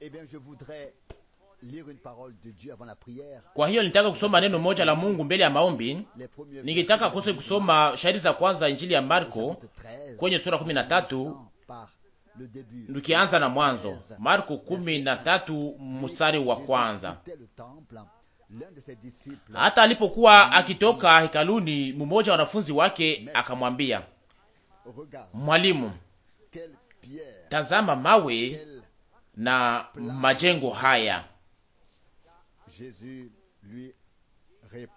Eh Kwa hiyo nitaka kusoma neno moja la Mungu mbele ya maombi. Nikitaka kose kusoma shairi za kwanza Injili ya Marko kwenye sura 13 tukianza na mwanzo. Marko 13 mstari wa kwanza. Hata alipokuwa akitoka hekaluni, mmoja wa wanafunzi wake akamwambia, Mwalimu, tazama mawe na majengo haya.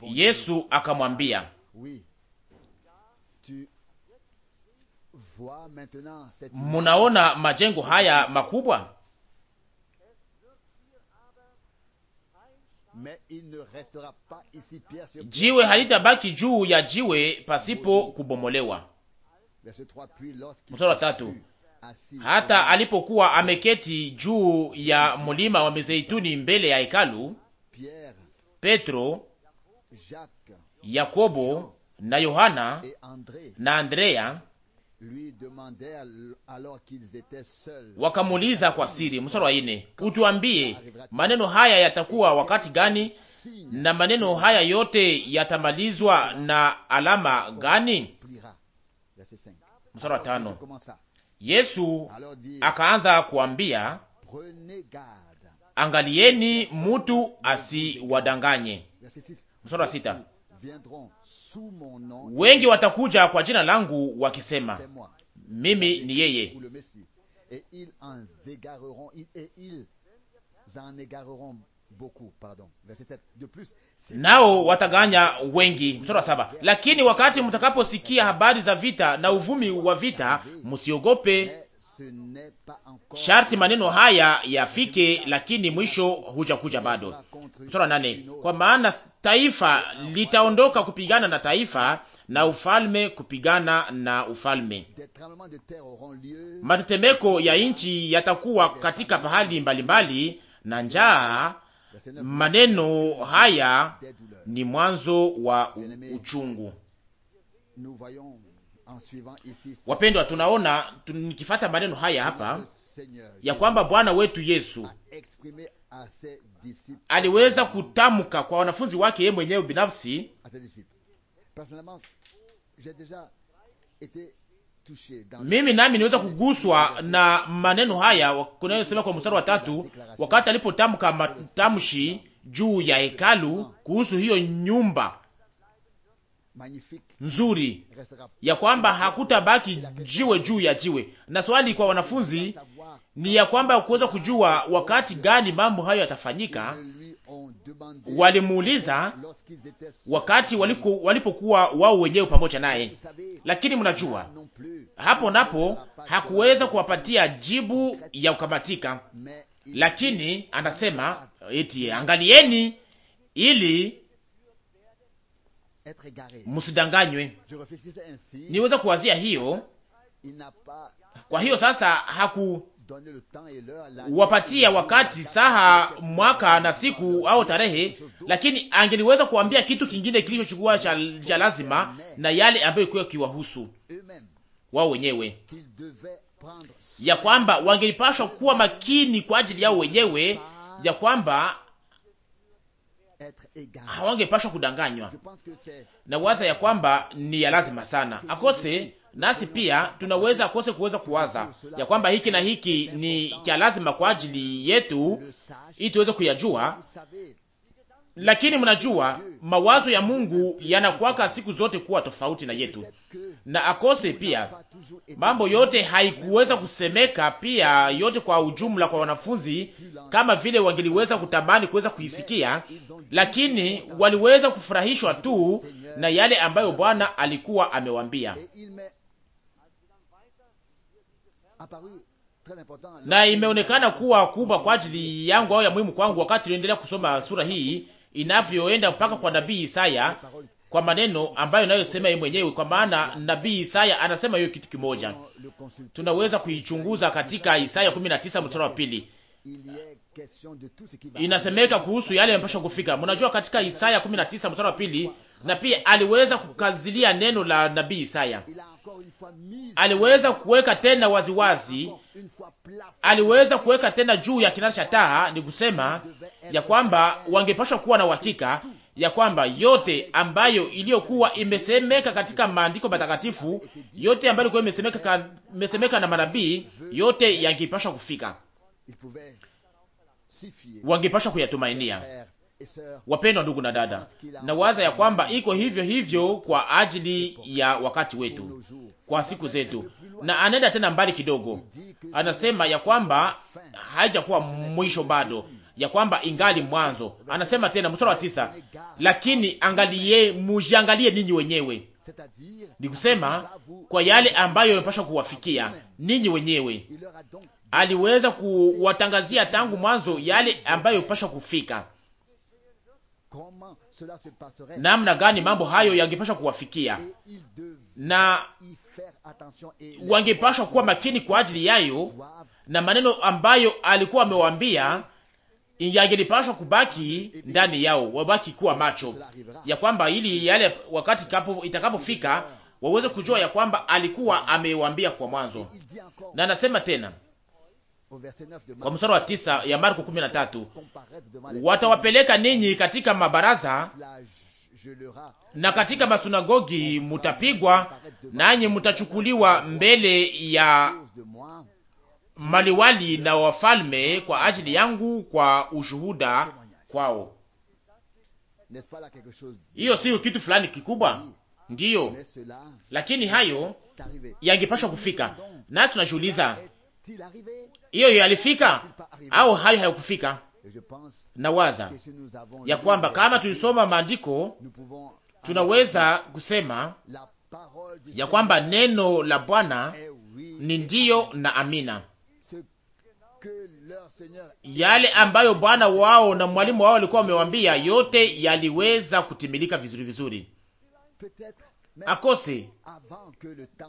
Yesu akamwambia, munaona majengo haya makubwa, jiwe halitabaki juu ya jiwe pasipo kubomolewa. Mstari wa tatu, hata alipokuwa ameketi juu ya mlima wa Mizeituni mbele ya hekalu, Petro, Yakobo na Yohana na Andrea wakamuuliza kwa siri, mstari wa ine, utuambie maneno haya yatakuwa wakati gani, na maneno haya yote yatamalizwa na alama gani? Mstari wa tano Yesu akaanza kuambia, angalieni mutu asiwadanganye. Mstari wa sita, wengi watakuja kwa jina langu wakisema mimi ni yeye, nao wataganya wengi. Mstari wa saba, lakini wakati mtakaposikia habari za vita na uvumi wa vita, msiogope. Sharti maneno haya yafike, lakini mwisho hujakuja bado. Mstari wa nane, kwa maana taifa litaondoka kupigana na taifa na ufalme kupigana na ufalme. Matetemeko ya nchi yatakuwa katika pahali mbalimbali mbali, na njaa Maneno haya ni mwanzo wa uchungu. Wapendwa, tunaona nikifata maneno haya hapa ya kwamba Bwana wetu Yesu aliweza kutamka kwa wanafunzi wake yeye mwenyewe binafsi mimi nami niweza kuguswa na maneno haya kunayosema kwa mstari wa tatu, wakati alipotamka matamshi juu ya hekalu kuhusu hiyo nyumba nzuri ya kwamba hakutabaki jiwe juu ya jiwe. Na swali kwa wanafunzi ni ya kwamba kuweza kujua wakati gani mambo hayo yatafanyika, walimuuliza wakati waliku, walipokuwa wao wenyewe pamoja naye, lakini mnajua hapo napo hakuweza kuwapatia jibu ya kukamatika, lakini anasema eti angalieni ili msidanganywe. Niweza kuwazia hiyo. Kwa hiyo sasa haku wapatia wakati, saha, mwaka na siku au tarehe, lakini angeliweza kuambia kitu kingine kilichochukua cha lazima na yale ambayo ilikuwa kiwahusu wao wenyewe, ya kwamba wangelipashwa kuwa makini kwa ajili yao wenyewe, ya kwamba hawangepashwa kudanganywa na waza ya kwamba ni ya lazima sana akose nasi pia tunaweza kose kuweza kuwaza ya kwamba hiki na hiki ni cha lazima kwa ajili yetu ili tuweze kuyajua, lakini mnajua mawazo ya Mungu yanakuwaka siku zote kuwa tofauti na yetu, na akose pia mambo yote haikuweza kusemeka pia yote kwa ujumla kwa wanafunzi kama vile wangeliweza kutamani kuweza kuisikia, lakini waliweza kufurahishwa tu na yale ambayo Bwana alikuwa amewambia, Ah, na imeonekana kuwa kubwa kwa ajili yangu au ya muhimu kwangu, wakati niendelea kusoma sura hii inavyoenda mpaka kwa nabii Isaya, kwa maneno ambayo inayosema yeye mwenyewe, kwa maana nabii Isaya anasema hiyo kitu kimoja. Tunaweza kuichunguza katika Isaya 19 mstari wa pili, inasemeka kuhusu yale yanapaswa kufika. Mnajua katika Isaya 19 mstari wa pili, na pia aliweza kukazilia neno la nabii Isaya aliweza kuweka tena waziwazi, aliweza kuweka tena juu ya kinara cha taa, ni kusema ya kwamba wangepashwa kuwa na uhakika ya kwamba yote ambayo iliyokuwa imesemeka katika maandiko matakatifu, yote ambayo ilikuwa imesemeka, imesemeka na manabii, yote yangepashwa kufika, wangepashwa kuyatumainia Wapendwa ndugu na dada, na waza ya kwamba iko hivyo hivyo kwa ajili ya wakati wetu, kwa siku zetu. Na anaenda tena mbali kidogo, anasema ya kwamba haijakuwa mwisho bado, ya kwamba ingali mwanzo. Anasema tena mstari wa tisa, lakini angalie, mujiangalie ninyi wenyewe, ni kusema kwa yale ambayo yamepashwa kuwafikia ninyi wenyewe. Aliweza kuwatangazia tangu mwanzo yale ambayo yamepashwa kufika namna gani mambo hayo yangepashwa kuwafikia na wangepashwa kuwa makini kwa ajili yayo, na maneno ambayo alikuwa amewaambia yangelipashwa kubaki ndani yao, wabaki kuwa macho ya kwamba ili yale wakati kapo itakapofika waweze kujua ya kwamba alikuwa amewaambia kwa mwanzo. Na anasema tena kwa mstari wa tisa ya Marko kumi na tatu watawapeleka ninyi katika mabaraza na katika masunagogi mutapigwa, nanyi mutachukuliwa mbele ya maliwali na wafalme kwa ajili yangu kwa ushuhuda kwao. Hiyo siyo kitu fulani kikubwa, ndiyo, lakini hayo yangepashwa kufika. Nasi tunajiuliza hiyo hiyo alifika au hayo hayakufika? Na waza ya kwamba kama tulisoma maandiko, tunaweza kusema ya kwamba neno la Bwana eh ni ndiyo na amina. Yale ambayo bwana wao na mwalimu wao walikuwa wamewambia, yote yaliweza kutimilika vizuri vizuri akose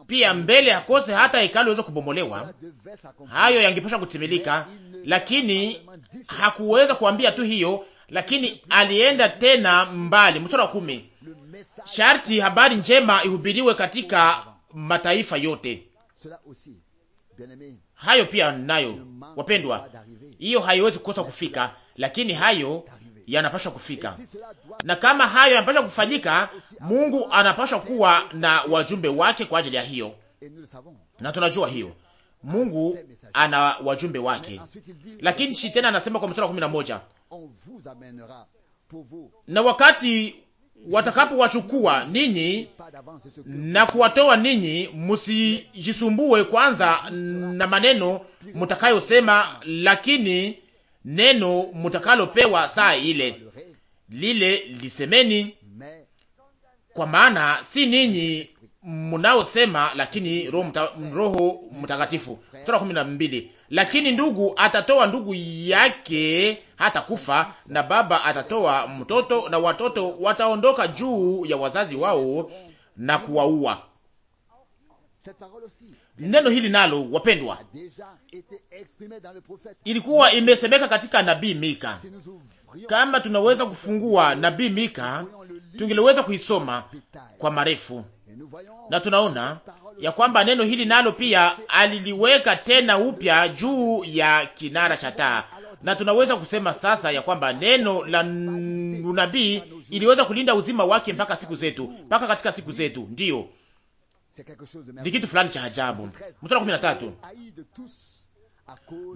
pia mbele akose hata hekalu iweze kubomolewa. Hayo yangepasha kutimilika, lakini hakuweza kuambia tu hiyo, lakini alienda tena mbali. Mstari wa kumi, sharti habari njema ihubiriwe katika mataifa yote. Hayo pia nayo, wapendwa, hiyo haiwezi kukosa kufika, lakini hayo yanapaswa kufika, na kama hayo yanapaswa kufanyika, Mungu anapaswa kuwa na wajumbe wake kwa ajili ya hiyo, na tunajua hiyo Mungu ana wajumbe wake, lakini shi tena anasema kwa mstari wa kumi na moja na wakati watakapowachukua ninyi na kuwatoa ninyi, msijisumbue kwanza na maneno mtakayosema, lakini neno mutakalopewa saa ile lile lisemeni, kwa maana si ninyi munaosema, lakini Roho Mtakatifu. Sura kumi na mbili. Lakini ndugu atatoa ndugu yake hata kufa, na baba atatoa mtoto, na watoto wataondoka juu ya wazazi wao na kuwaua. Neno hili nalo, wapendwa, ilikuwa imesemeka katika nabii Mika. Kama tunaweza kufungua nabii Mika, tungeliweza kuisoma kwa marefu, na tunaona ya kwamba neno hili nalo pia aliliweka tena upya juu ya kinara cha taa, na tunaweza kusema sasa ya kwamba neno la unabii iliweza kulinda uzima wake mpaka siku zetu, mpaka katika siku zetu, ndiyo ni kitu fulani cha ajabu. Mstari kumi na tatu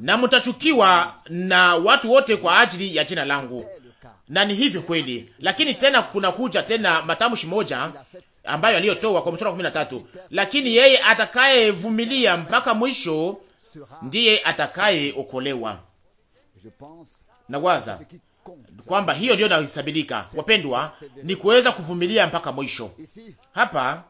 na mtachukiwa na watu wote kwa ajili ya jina langu, na ni hivyo kweli. Lakini tena kuna kuja tena matamshi moja ambayo aliyotoa kwa mstari wa kumi na tatu lakini yeye atakayevumilia mpaka mwisho ndiye atakayeokolewa. Nawaza kwamba hiyo ndiyo inahesabilika, wapendwa, ni kuweza kuvumilia mpaka mwisho. Hapa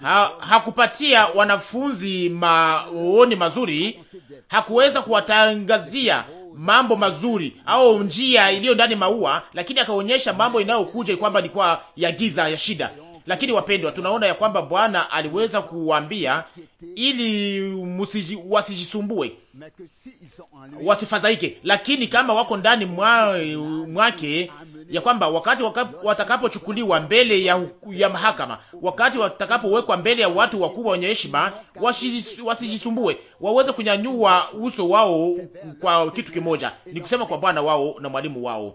Ha, hakupatia wanafunzi maoni mazuri, hakuweza kuwatangazia mambo mazuri au njia iliyo ndani maua, lakini akaonyesha mambo inayokuja kwamba ni kwa ya giza ya shida. Lakini wapendwa, tunaona ya kwamba Bwana aliweza kuwaambia ili musiji, wasijisumbue wasifadhaike, lakini kama wako ndani mwa, mwake ya kwamba wakati watakapochukuliwa mbele ya, ya mahakama, wakati watakapowekwa mbele ya watu wakubwa wenye heshima, wasijisumbue, waweze kunyanyua uso wao kwa kitu kimoja, ni kusema kwa Bwana wao na mwalimu wao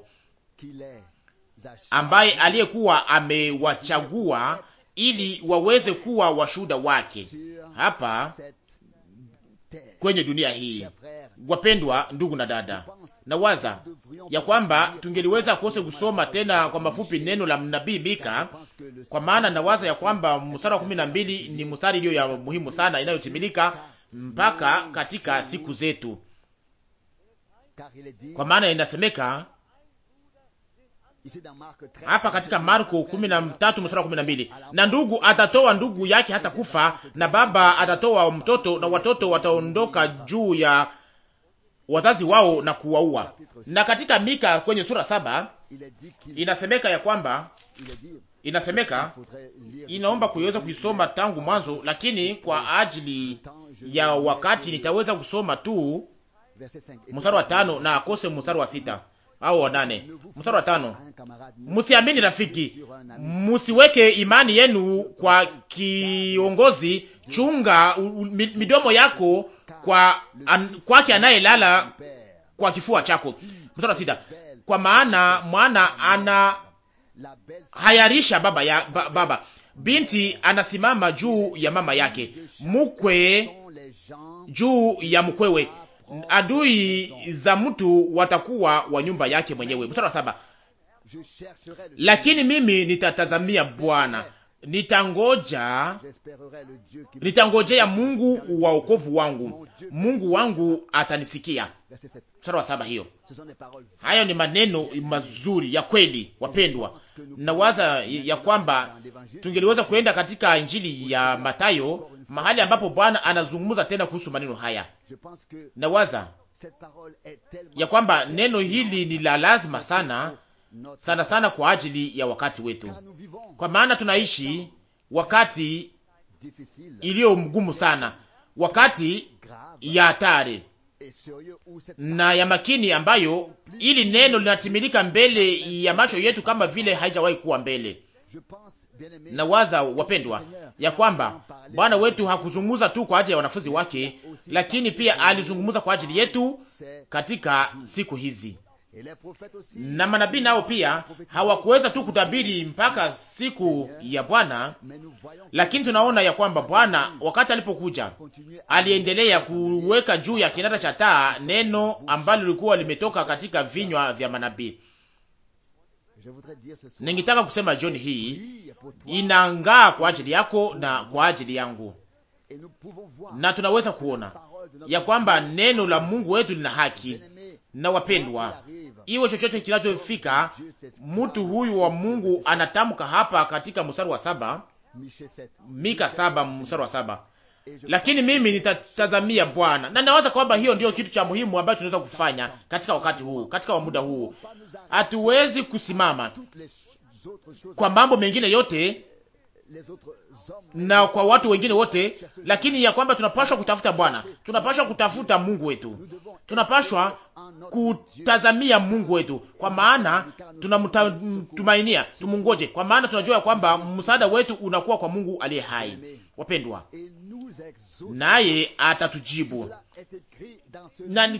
ambaye aliyekuwa amewachagua ili waweze kuwa washuhuda wake hapa kwenye dunia hii. Wapendwa ndugu na dada, nawaza ya kwamba tungeliweza kose kusoma tena kwa mafupi neno la nabii Mika, kwa maana nawaza ya kwamba mstari wa kumi na mbili ni mstari iliyo ya muhimu sana inayotimilika mpaka katika siku zetu, kwa maana inasemeka hapa katika Marko kumi na mstari na na ndugu atatoa ndugu yake hata kufa, na baba atatoa mtoto, na watoto wataondoka juu ya wazazi wao na kuwaua. Na katika Mika kwenye sura saba inasemeka ya kwamba inasemeka inaomba kuiweza kuisoma tangu mwanzo, lakini kwa ajili ya wakati nitaweza kusoma tu mstari wa tano na akose mstari wa sita au wa nane mstari wa tano, msiamini rafiki, msiweke imani yenu kwa kiongozi. Chunga midomo yako kwa an, kwake anayelala kwa kifua chako. Mstari wa sita, kwa maana mwana ana hayarisha baba, ya, ba, baba binti anasimama juu ya mama yake, mkwe juu ya mkwewe, adui za mtu watakuwa wa nyumba yake mwenyewe. Mstari wa saba, lakini mimi nitatazamia Bwana, nitangoja nitangojea Mungu wa wokovu wangu, Mungu wangu atanisikia. Mstari wa saba hiyo. Hayo ni maneno mazuri ya kweli, wapendwa. Nawaza ya kwamba tungeliweza kuenda katika injili ya Matayo mahali ambapo Bwana anazungumza tena kuhusu maneno haya, na waza ya kwamba neno hili ni la lazima sana sana sana kwa ajili ya wakati wetu, kwa maana tunaishi wakati iliyo mgumu sana, wakati ya hatari na ya makini, ambayo ili neno linatimilika mbele ya macho yetu kama vile haijawahi kuwa mbele na waza wapendwa, ya kwamba Bwana wetu hakuzungumza tu kwa ajili ya wanafunzi wake, lakini pia alizungumza kwa ajili yetu katika siku hizi. Na manabii nao pia hawakuweza tu kutabiri mpaka siku ya Bwana, lakini tunaona ya kwamba Bwana wakati alipokuja aliendelea kuweka juu ya kinara cha taa neno ambalo lilikuwa limetoka katika vinywa vya manabii. Ningitaka kusema jioni hii inangaa kwa ajili yako na kwa ajili yangu, na tunaweza kuona ya kwamba neno la Mungu wetu lina haki. Na wapendwa, iwe chochote kinachofika, mtu huyu wa Mungu anatamka hapa katika mstari wa saba, Mika saba mstari wa saba lakini mimi nitatazamia Bwana, na nawaza kwamba hiyo ndio kitu cha muhimu ambacho tunaweza kufanya katika wakati huu, katika muda huu. Hatuwezi kusimama kwa mambo mengine yote na kwa watu wengine wote, lakini ya kwamba tunapashwa kutafuta Bwana, tunapashwa kutafuta Mungu wetu, tunapashwa kutazamia Mungu wetu, kwa maana tunamtumainia. Tumungoje, kwa maana tunajua kwamba msaada wetu unakuwa kwa Mungu aliye hai. Wapendwa, naye atatujibu na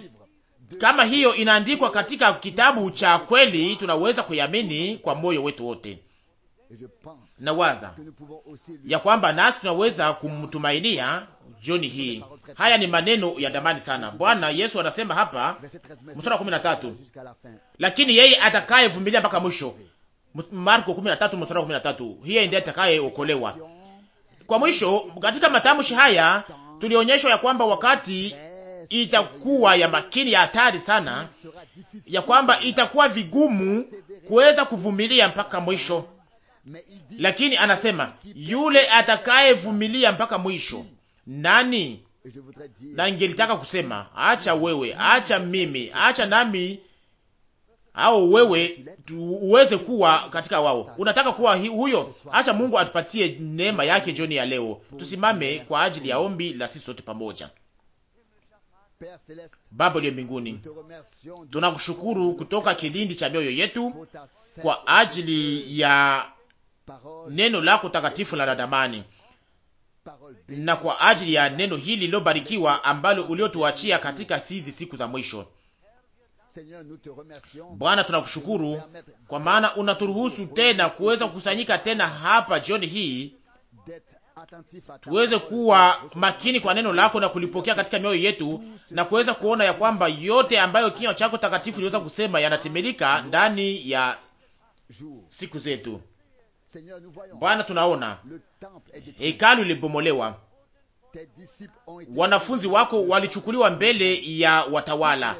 kama hiyo inaandikwa katika kitabu cha kweli, tunaweza kuiamini kwa moyo wetu wote. Nawaza ya kwamba nasi tunaweza kumtumainia jioni hii. Haya ni maneno ya damani sana. Bwana Yesu anasema hapa mstari wa tatu lakini yeye atakayevumilia mpaka mwisho. Marko 13 mstari wa 13, hiyo ndiye atakayeokolewa. Kwa mwisho, katika matamshi haya tulionyeshwa ya kwamba wakati itakuwa ya makini ya hatari sana, ya kwamba itakuwa vigumu kuweza kuvumilia mpaka mwisho, lakini anasema yule atakayevumilia mpaka mwisho nani? Na ngelitaka kusema acha wewe, acha mimi, acha nami au wewe uweze kuwa katika wao. Unataka kuwa huyo? Acha Mungu atupatie neema yake jioni ya leo. Tusimame kwa ajili ya ombi la sisi sote pamoja. Baba uliye mbinguni, tunakushukuru kutoka kilindi cha mioyo yetu kwa ajili ya neno lako takatifu la nadamani na kwa ajili ya neno hili lilobarikiwa ambalo uliotuachia katika hizi siku za mwisho. Bwana, tunakushukuru kwa maana unaturuhusu tena kuweza kukusanyika tena hapa jioni hii tuweze kuwa makini kwa neno lako na kulipokea katika mioyo yetu na kuweza kuona ya kwamba yote ambayo kinywa chako takatifu iliweza kusema yanatimilika ndani ya siku zetu. Bwana, tunaona hekalu ilibomolewa wanafunzi wako walichukuliwa mbele ya watawala.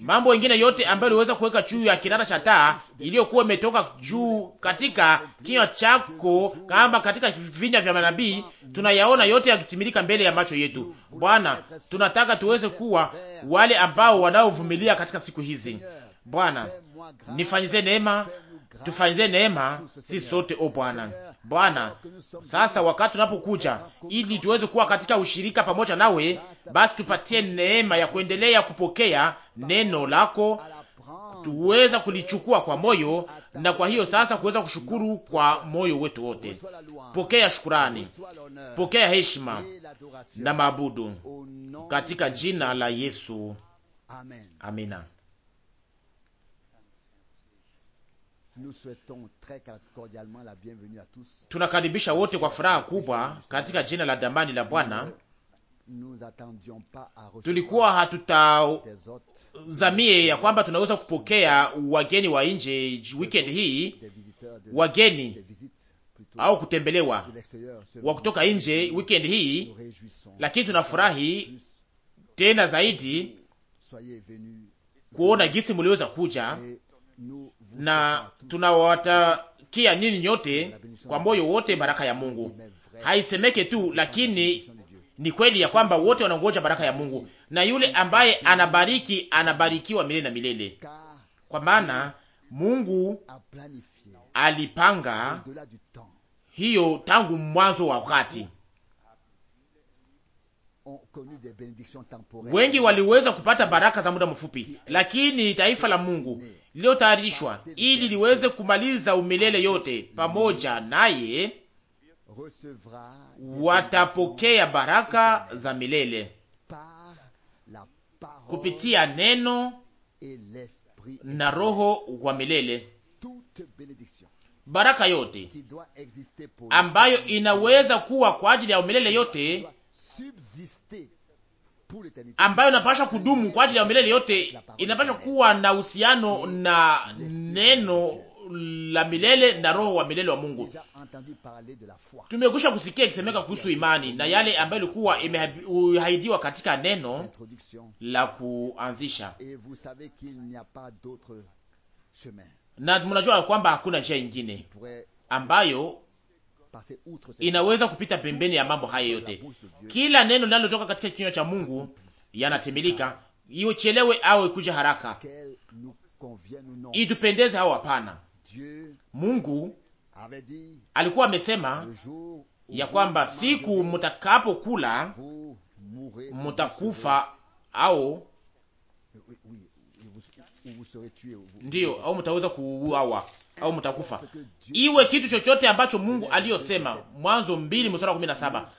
Mambo mengine yote ambayo uliweza kuweka juu ya kinara cha taa iliyokuwa imetoka juu katika kinywa chako kama katika vinya vya manabii, tunayaona yote yakitimilika mbele ya macho yetu. Bwana, tunataka tuweze kuwa wale ambao wanaovumilia katika siku hizi. Bwana, nifanyize neema Tufanyie neema si sote, o Bwana. Bwana, sasa wakati tunapokuja ili tuweze kuwa katika ushirika pamoja nawe, basi tupatie neema ya kuendelea kupokea neno lako, tuweza kulichukua kwa moyo, na kwa hiyo sasa kuweza kushukuru kwa moyo wetu wote. Pokea shukurani, pokea heshima na maabudu katika jina la Yesu, amina. Tunakaribisha wote kwa furaha kubwa katika jina la damani la Bwana. Tulikuwa hatutazamie ya kwamba tunaweza kupokea wageni wa nje weekend hii, wageni au kutembelewa wa kutoka nje weekend hii, lakini tunafurahi tena zaidi kuona gisi muliweza kuja na tunawatakia nini nyote kwa moyo wote baraka ya Mungu. Haisemeke tu, lakini ni kweli ya kwamba wote wanaongoja baraka ya Mungu, na yule ambaye anabariki anabarikiwa milele na milele, kwa maana Mungu alipanga hiyo tangu mwanzo wa wakati wengi waliweza kupata baraka za muda mfupi, lakini taifa la Mungu lililotayarishwa ili liweze kumaliza umilele yote pamoja naye watapokea baraka za milele kupitia neno na roho wa milele. Baraka yote ambayo inaweza kuwa kwa ajili ya umilele yote ambayo inapasha kudumu kwa ajili ya milele yote, inapasha kuwa na uhusiano na neno la milele na roho wa milele wa Mungu. Tumekwisha kusikia ikisemeka kuhusu imani na yale ambayo ilikuwa imehaidiwa katika neno la kuanzisha, na mnajua kwamba hakuna njia ingine ambayo inaweza kupita pembeni ya mambo haya yote. Kila neno linalotoka katika kinywa cha Mungu yanatimilika, chelewe au ikuja haraka, itupendeze au hapana. Mungu alikuwa amesema ya kwamba siku mtakapokula mutakufa au ndiyo, au mutaweza kuuawa au mtakufa. Iwe kitu chochote ambacho Mungu aliyosema, Mwanzo mbili mstari wa kumi na saba.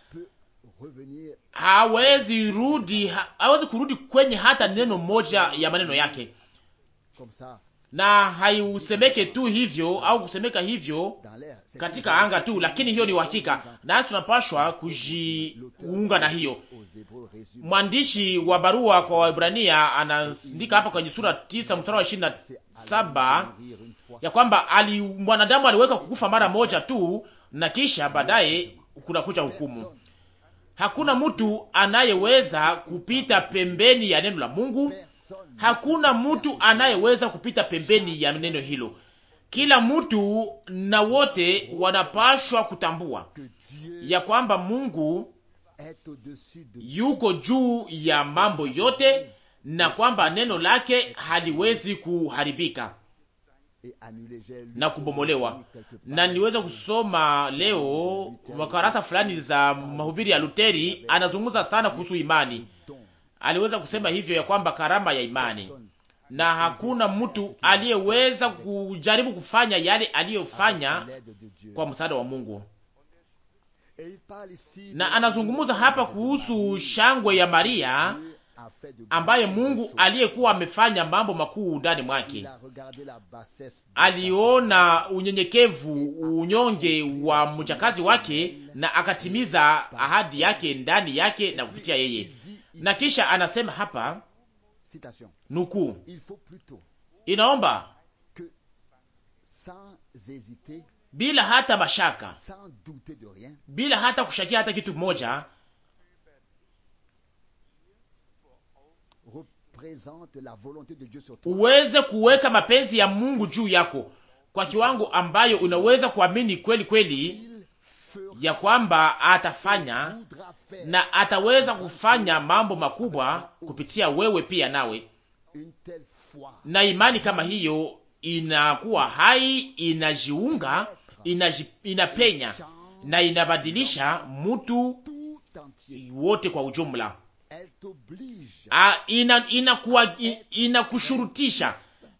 Hawezi rudi, hawezi kurudi kwenye hata neno moja ya maneno yake na haiusemeke tu hivyo au kusemeka hivyo katika anga tu, lakini hiyo ni uhakika, nasi tunapashwa kujiunga na hiyo. Mwandishi wa barua kwa Waebrania anaandika hapa kwenye sura tisa mstari wa ishirini na saba ya kwamba ali mwanadamu aliweka kukufa mara moja tu na kisha baadaye kunakuja hukumu. Hakuna mtu anayeweza kupita pembeni ya neno la Mungu Hakuna mtu anayeweza kupita pembeni ya neno hilo. Kila mtu na wote wanapashwa kutambua ya kwamba Mungu yuko juu ya mambo yote na kwamba neno lake haliwezi kuharibika na kubomolewa. Na niweza kusoma leo makarasa fulani za mahubiri ya Luteri, anazungumza sana kuhusu imani aliweza kusema hivyo ya kwamba karama ya imani, na hakuna mtu aliyeweza kujaribu kufanya yale aliyofanya kwa msaada wa Mungu. Na anazungumza hapa kuhusu shangwe ya Maria ambaye Mungu aliyekuwa amefanya mambo makuu ndani mwake, aliona unyenyekevu, unyonge wa mchakazi wake, na akatimiza ahadi yake ndani yake na kupitia yeye na kisha anasema hapa nukuu, inaomba bila hata mashaka, bila hata kushakia hata kitu moja, uweze kuweka mapenzi ya Mungu juu yako kwa kiwango ambayo unaweza kuamini kweli kweli ya kwamba atafanya na ataweza kufanya mambo makubwa kupitia wewe pia nawe. Na imani kama hiyo inakuwa hai, inajiunga, inaji, inapenya na inabadilisha mtu wote kwa ujumla. A, ina, inakushurutisha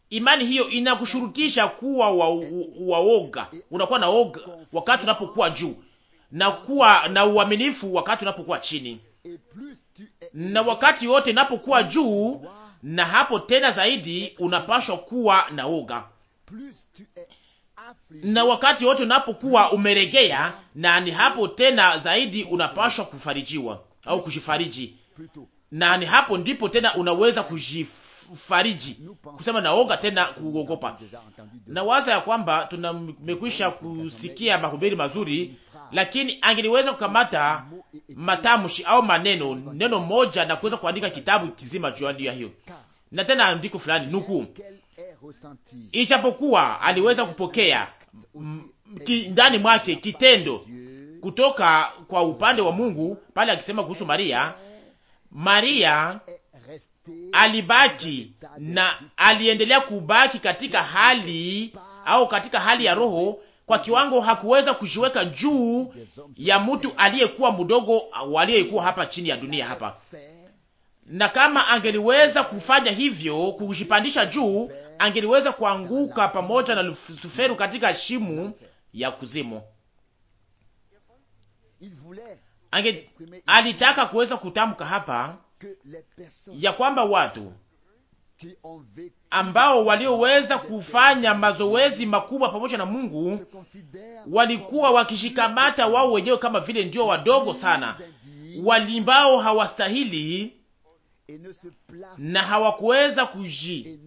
imani hiyo inakushurutisha kuwa waoga wa unakuwa na oga wakati unapokuwa juu, na kuwa na uaminifu wakati unapokuwa chini, na wakati wote unapokuwa juu, na hapo tena zaidi unapashwa kuwa na woga, na wakati wote unapokuwa umeregea, na ni hapo tena zaidi unapashwa kufarijiwa au kujifariji, na ni hapo ndipo tena unaweza kujif kufariji kusema naoga tena kuogopa. Na waza ya kwamba tumekwisha kusikia mahubiri mazuri, lakini angeliweza kukamata matamshi au maneno neno moja na kuweza kuandika kitabu kizima juu ya hiyo, na tena andiko fulani nuku, ijapokuwa aliweza kupokea ndani mwake kitendo kutoka kwa upande wa Mungu pale akisema kuhusu Maria Maria alibaki na aliendelea kubaki katika hali au katika hali ya roho kwa kiwango, hakuweza kujiweka juu ya mtu aliyekuwa mdogo aliyekuwa hapa chini ya dunia hapa. Na kama angeliweza kufanya hivyo, kujipandisha juu, angeliweza kuanguka pamoja na Lusuferu katika shimu ya kuzimu. Ange, alitaka kuweza kutamka hapa ya kwamba watu ambao walioweza kufanya mazoezi makubwa pamoja na Mungu walikuwa wakishikamata wao wenyewe kama vile ndio wadogo sana, walimbao hawastahili na hawakuweza kuji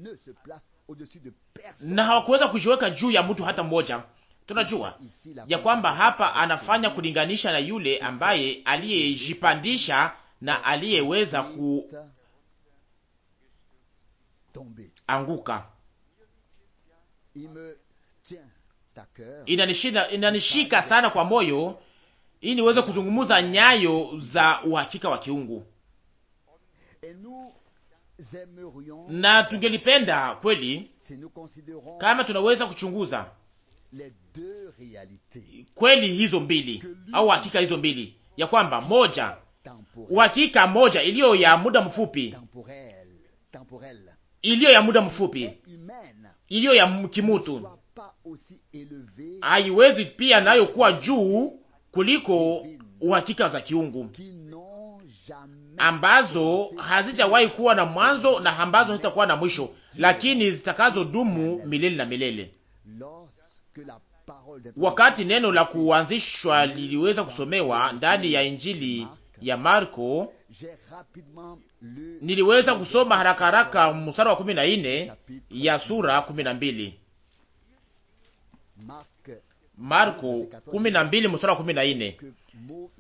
na hawakuweza kujiweka juu ya mtu hata mmoja. Tunajua ya kwamba hapa anafanya kulinganisha na yule ambaye aliyejipandisha na aliyeweza kuanguka. inanishika sana kwa moyo ili niweze kuzungumuza nyayo za uhakika wa kiungu, na tungelipenda kweli kama tunaweza kuchunguza kweli hizo mbili au hakika hizo mbili, ya kwamba moja uhakika moja iliyo ya muda mfupi, iliyo ya muda mfupi, iliyo ya kimutu, haiwezi pia nayo kuwa juu kuliko uhakika za kiungu ambazo hazijawahi kuwa na mwanzo na ambazo hazitakuwa na mwisho, lakini zitakazodumu milele na milele. Wakati neno la kuanzishwa liliweza kusomewa ndani ya Injili ya Marko niliweza kusoma haraka haraka mstari wa kumi na nne ya sura kumi na mbili Marko kumi na mbili mstari wa kumi na nne.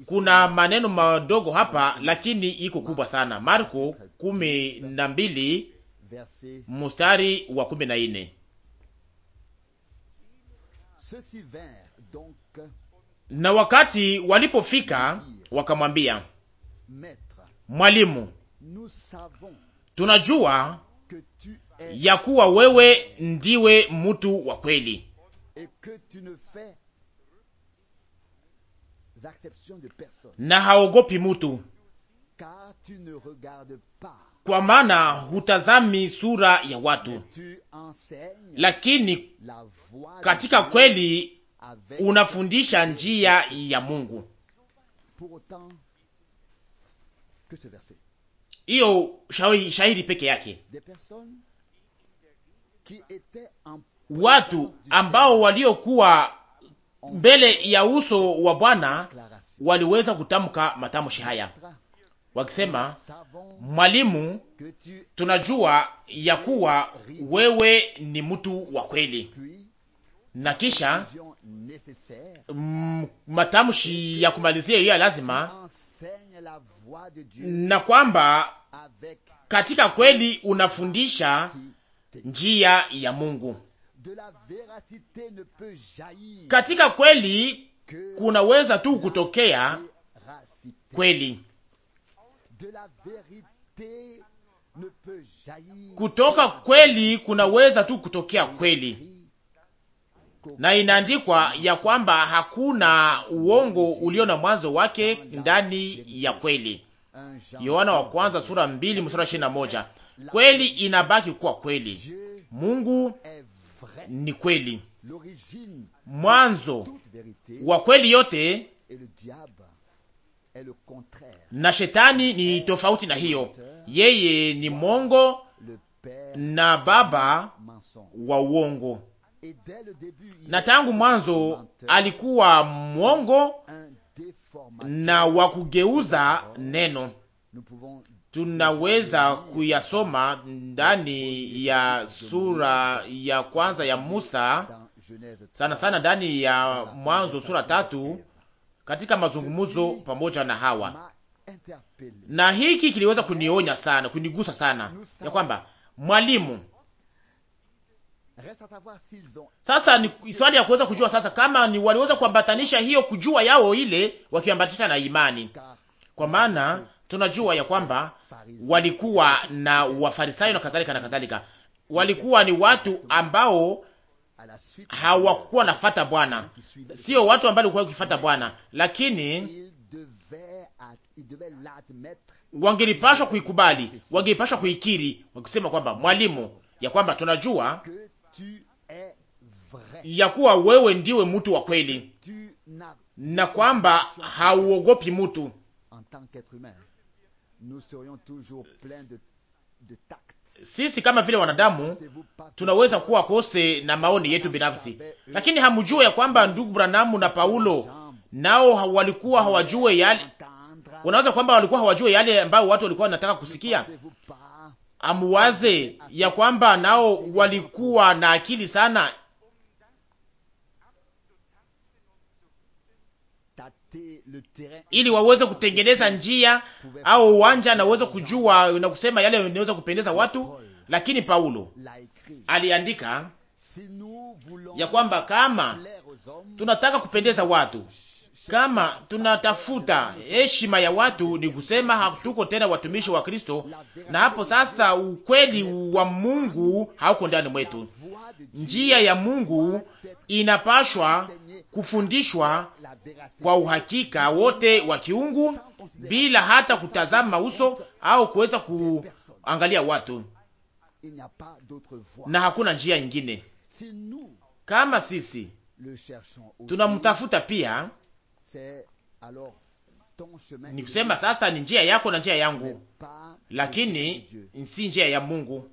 Kuna maneno madogo hapa lakini iko kubwa sana. Marko kumi na mbili mstari wa kumi na nne. Na wakati walipofika wakamwambia, Mwalimu, tunajua ya kuwa wewe ndiwe mtu wa kweli na haogopi mutu, kwa maana hutazami sura ya watu, lakini katika kweli unafundisha njia ya Mungu hiyo shahidi, peke yake watu ambao waliokuwa mbele ya uso wa Bwana waliweza kutamka matamshi haya wakisema, Mwalimu, tunajua ya kuwa wewe ni mtu wa kweli na kisha mm, matamshi ya kumalizia yaliyo ya lazima, na kwamba katika kweli unafundisha njia ya Mungu. Katika kweli kunaweza tu kutokea kweli kutoka kweli kunaweza tu kutokea kweli na inaandikwa ya kwamba hakuna uongo ulio na mwanzo wake ndani ya kweli. Yohana wa kwanza sura mbili mstari ishirini na moja. Kweli inabaki kuwa kweli. Mungu ni kweli, mwanzo wa kweli yote, na shetani ni tofauti na hiyo. Yeye ni mongo na baba wa uongo na tangu mwanzo alikuwa mwongo na wa kugeuza neno. Tunaweza kuyasoma ndani ya sura ya kwanza ya Musa, sana sana ndani ya Mwanzo sura tatu, katika mazungumzo pamoja na Hawa. Na hiki kiliweza kunionya sana, kunigusa sana, ya kwamba mwalimu sasa ni swali ya kuweza kujua sasa kama ni waliweza kuambatanisha hiyo kujua yao ile wakiambatanisha na imani, kwa maana tunajua ya kwamba walikuwa na wafarisayo na kadhalika na kadhalika, walikuwa ni watu ambao hawakuwa nafata Bwana, sio watu ambao walikuwa wakifata Bwana, lakini wangelipashwa kuikubali, wangelipashwa kuikiri, wakisema kwamba mwalimu, ya kwamba tunajua ya kuwa wewe ndiwe mtu wa kweli na kwamba hauogopi mtu. Sisi kama vile wanadamu tunaweza kuwa kose na maoni yetu binafsi, e. lakini hamjue ya kwamba ndugu Branamu na Paulo nao walikuwa hawajue yale, unaweza kwamba walikuwa hawajue yale ambayo watu walikuwa wanataka kusikia amuwaze ya kwamba nao walikuwa na akili sana ili waweze kutengeneza njia au uwanja na uweze kujua na kusema yale yanaweza kupendeza watu. Lakini Paulo aliandika ya kwamba kama tunataka kupendeza watu kama tunatafuta heshima ya watu, ni kusema hatuko tena watumishi wa Kristo, na hapo sasa ukweli wa Mungu hauko ndani mwetu. Njia ya Mungu inapashwa kufundishwa kwa uhakika wote wa kiungu, bila hata kutazama uso au kuweza kuangalia watu, na hakuna njia nyingine. Kama sisi tunamtafuta pia ni kusema sasa ni njia yako na njia yangu, lakini si njia ya Mungu.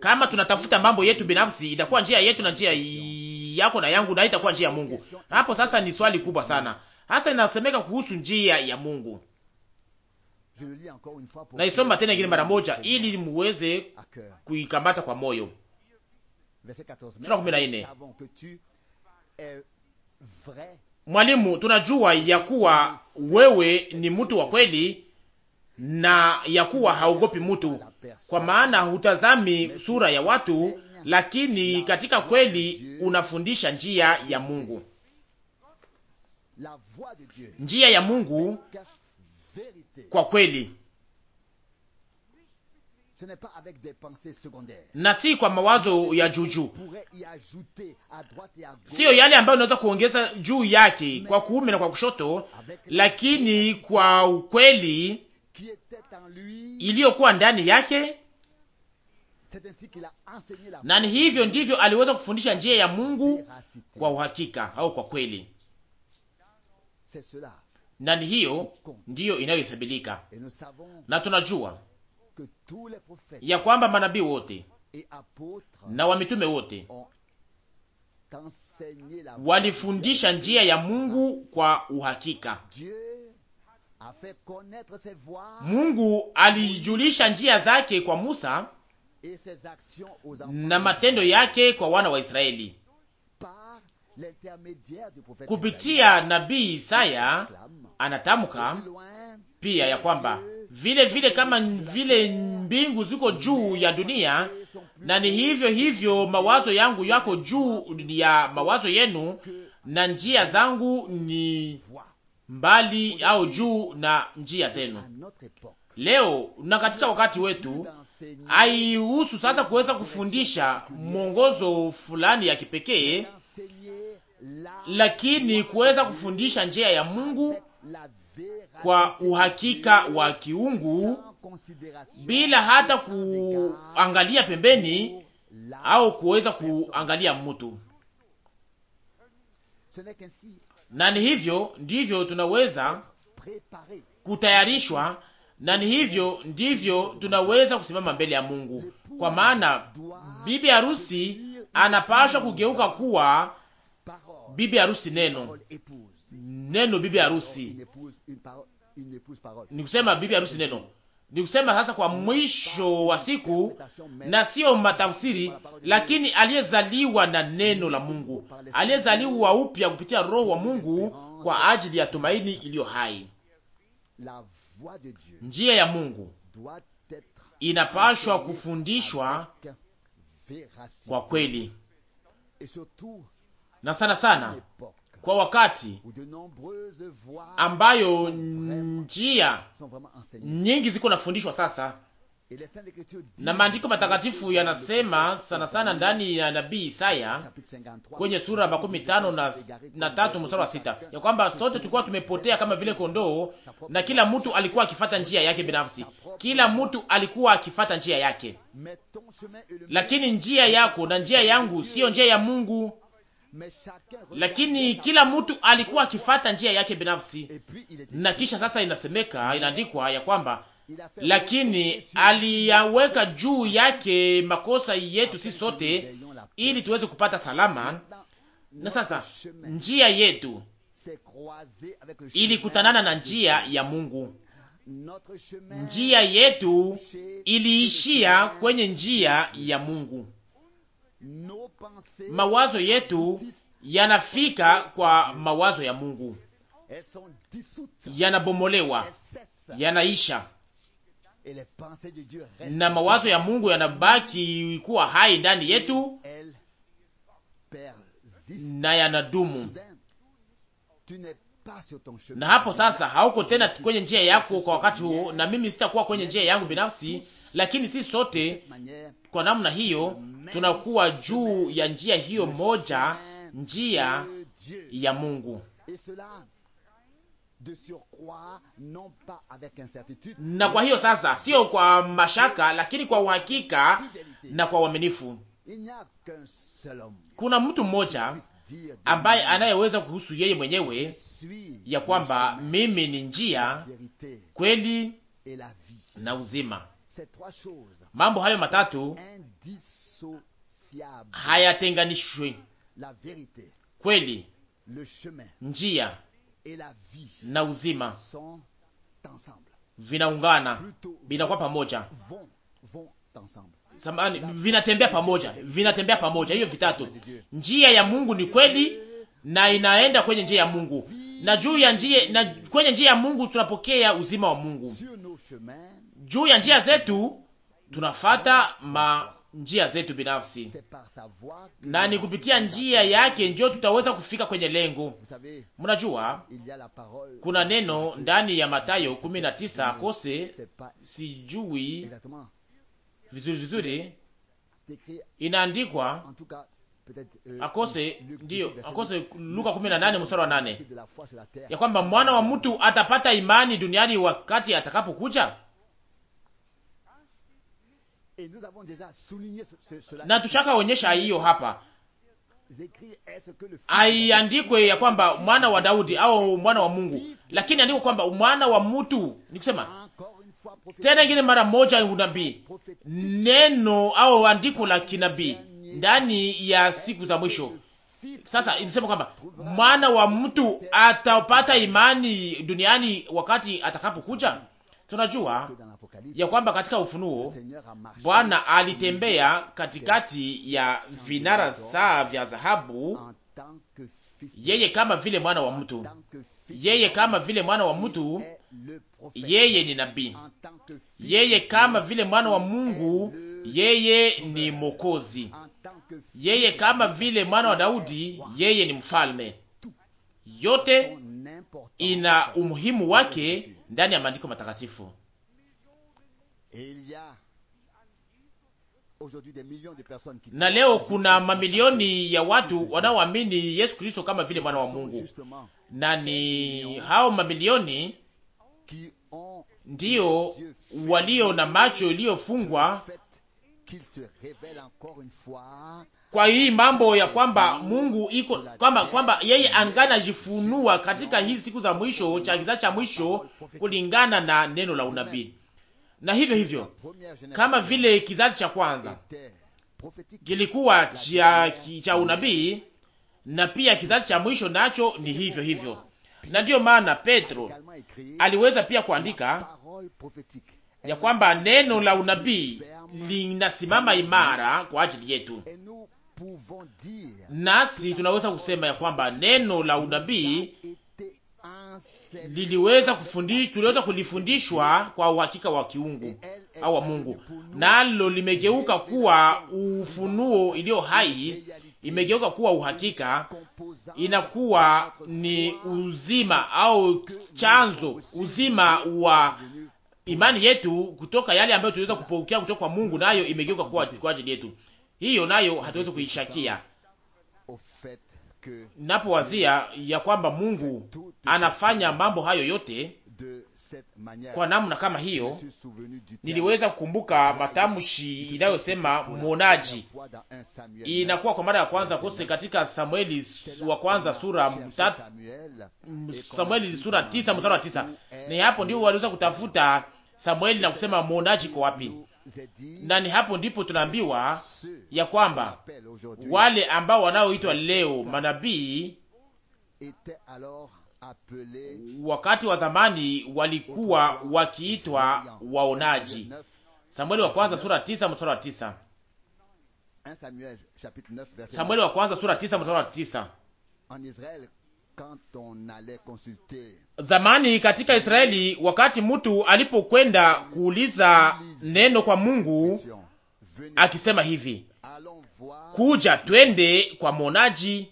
Kama tunatafuta mambo yetu binafsi, itakuwa njia yetu na njia yako na yangu, na itakuwa njia ya Mungu. Hapo sasa ni swali kubwa sana, hasa inasemeka kuhusu njia ya Mungu. Naisoma tena ingine mara moja ili muweze kuikamata kwa moyo. Sura kumi na nne Mwalimu, tunajua ya kuwa wewe ni mtu wa kweli na ya kuwa haogopi mtu, kwa maana hutazami sura ya watu, lakini katika kweli unafundisha njia ya Mungu. Njia ya Mungu kwa kweli na si kwa mawazo ya juujuu, siyo yale ambayo unaweza kuongeza juu yake kwa kuume na kwa kushoto, lakini kwa ukweli iliyokuwa ndani yake na ni hivyo ndivyo aliweza kufundisha njia ya Mungu kwa uhakika au kwa kweli, na ni hiyo ndiyo inayohesabilika, na tunajua ya kwamba manabii wote na wamitume wote walifundisha njia ya Mungu kwa uhakika. Mungu alijulisha njia zake kwa Musa na matendo yake kwa wana wa Israeli kupitia nabii Isaya. Anatamka pia ya kwamba vile vile kama vile mbingu ziko juu ya dunia, na ni hivyo hivyo mawazo yangu yako juu ya mawazo yenu, na njia zangu ni mbali au juu na njia zenu. Leo na katika wakati wetu haihusu sasa kuweza kufundisha mwongozo fulani ya kipekee, lakini kuweza kufundisha njia ya Mungu kwa uhakika wa kiungu bila hata kuangalia pembeni au kuweza kuangalia mtu. Na ni hivyo ndivyo tunaweza kutayarishwa, na ni hivyo ndivyo tunaweza kusimama mbele ya Mungu, kwa maana bibi harusi anapashwa kugeuka kuwa bibi harusi neno neno bibi harusi ni kusema bibi harusi neno ni kusema sasa kwa mwisho wa siku, na sio matafsiri, lakini aliyezaliwa na neno la Mungu, aliyezaliwa upya kupitia Roho wa Mungu kwa ajili ya tumaini iliyo hai. Njia ya Mungu inapashwa kufundishwa kwa kweli na sana sana kwa wakati ambayo njia nyingi ziko nafundishwa sasa, na maandiko matakatifu yanasema sana sana ndani ya nabii Isaya kwenye sura makumi tano na, na tatu mstari wa sita ya kwamba sote tulikuwa tumepotea kama vile kondoo, na kila mtu alikuwa akifata njia yake binafsi, kila mtu alikuwa akifata njia yake, lakini njia yako na njia yangu siyo njia ya Mungu lakini kila mtu alikuwa akifata njia yake binafsi. Na kisha sasa inasemeka, inaandikwa ya kwamba lakini aliyaweka juu yake makosa yetu si sote, ili tuweze kupata salama. Na sasa njia yetu ilikutanana na njia ya Mungu, njia yetu iliishia kwenye njia ya Mungu mawazo yetu yanafika kwa mawazo ya Mungu, yanabomolewa, yanaisha na mawazo ya Mungu yanabaki kuwa hai ndani yetu na yanadumu. Na hapo sasa hauko tena kwenye njia yako kwa wakati huo, na mimi sitakuwa kwenye njia yangu binafsi, lakini sisi sote kwa namna hiyo tunakuwa juu ya njia hiyo moja, njia ya Mungu na kwa hiyo sasa, sio kwa mashaka, lakini kwa uhakika na kwa uaminifu. Kuna mtu mmoja ambaye anayeweza kuhusu yeye mwenyewe ya kwamba mimi ni njia, kweli na uzima. Mambo hayo matatu hayatenganishwe: kweli, njia na uzima vinaungana, vinakuwa pamoja, vinatembea pamoja, vinatembea pamoja. Hiyo vitatu, njia ya Mungu ni kweli na inaenda kwenye njia ya Mungu na juu ya njia na kwenye njia ya Mungu tunapokea uzima wa Mungu juu ya njia zetu, tunafata ma njia zetu binafsi, na ni kupitia njia yake ndio tutaweza kufika kwenye lengo. Mnajua kuna neno ndani ya Mathayo 19 kose, sijui vizuri vizuri, inaandikwa euh, akose ndio akose Luka 18 mstari wa 8 ya kwamba mwana wa mtu atapata imani duniani wakati atakapokuja na onyesha hiyo hapa aiandikwe ya kwamba mwana wa Daudi au mwana wa Mungu, lakini andiko kwamba mwana wa mtu. kusema tena ingine mara moja, unabii neno au andiko la kinabii ndani ya siku za mwisho. Sasa inasema kwamba mwana wa mtu atapata imani duniani wakati atakapokuja Tunajua ya kwamba katika Ufunuo Bwana alitembea katikati ya vinara saa vya dhahabu, yeye kama vile mwana wa mtu, yeye kama vile mwana wa mtu, yeye ni nabii, yeye kama vile mwana wa Mungu, yeye ni Mokozi, yeye kama vile mwana wa Daudi, yeye ni mfalme. Yote ina umuhimu wake ndani ya maandiko matakatifu. Na leo kuna mamilioni ya watu wanaoamini Yesu Kristo kama vile mwana wa Mungu, na ni hao mamilioni ndiyo walio na macho iliyofungwa kwa hii mambo ya kwamba Mungu iko kwamba kwamba yeye angana jifunua katika hizi siku za mwisho cha kizazi cha mwisho kulingana na neno la unabii. Na hivyo hivyo kama vile kizazi cha kwanza kilikuwa cha, cha unabii na pia kizazi cha mwisho nacho ni hivyo hivyo, na ndiyo maana Petro aliweza pia kuandika ya kwamba neno la unabii linasimama imara kwa ajili yetu, nasi tunaweza kusema ya kwamba neno la unabii liliweza kufundishwa, tuliweza kulifundishwa kwa uhakika wa kiungu au wa Mungu, nalo limegeuka kuwa ufunuo iliyo hai, imegeuka kuwa uhakika, inakuwa ni uzima au chanzo uzima wa imani yetu kutoka yale ambayo tuliweza kupokea kutoka kwa Mungu, nayo imegeuka kuwa kwa ajili yetu. Hiyo nayo hatuwezi kuishakia. Napowazia ya kwamba Mungu anafanya mambo hayo yote kwa namna kama hiyo, niliweza kukumbuka matamshi inayosema mwonaji. Inakuwa kwa mara ya kwanza kose katika Samueli wa kwanza sura mta, Samueli sura tisa mstari wa tisa. Ni hapo ndio waliweza kutafuta Samueli na kusema mwonaji kwa wapi? na ni hapo ndipo tunaambiwa ya kwamba wale ambao wanaoitwa leo manabii wakati wa zamani walikuwa wakiitwa waonaji. Samueli wa kwanza sura tisa mstari wa tisa. Samueli wa kwanza sura tisa mstari wa tisa. Zamani katika Israeli, wakati mtu alipokwenda kuuliza neno kwa Mungu akisema hivi, kuja twende kwa mwonaji,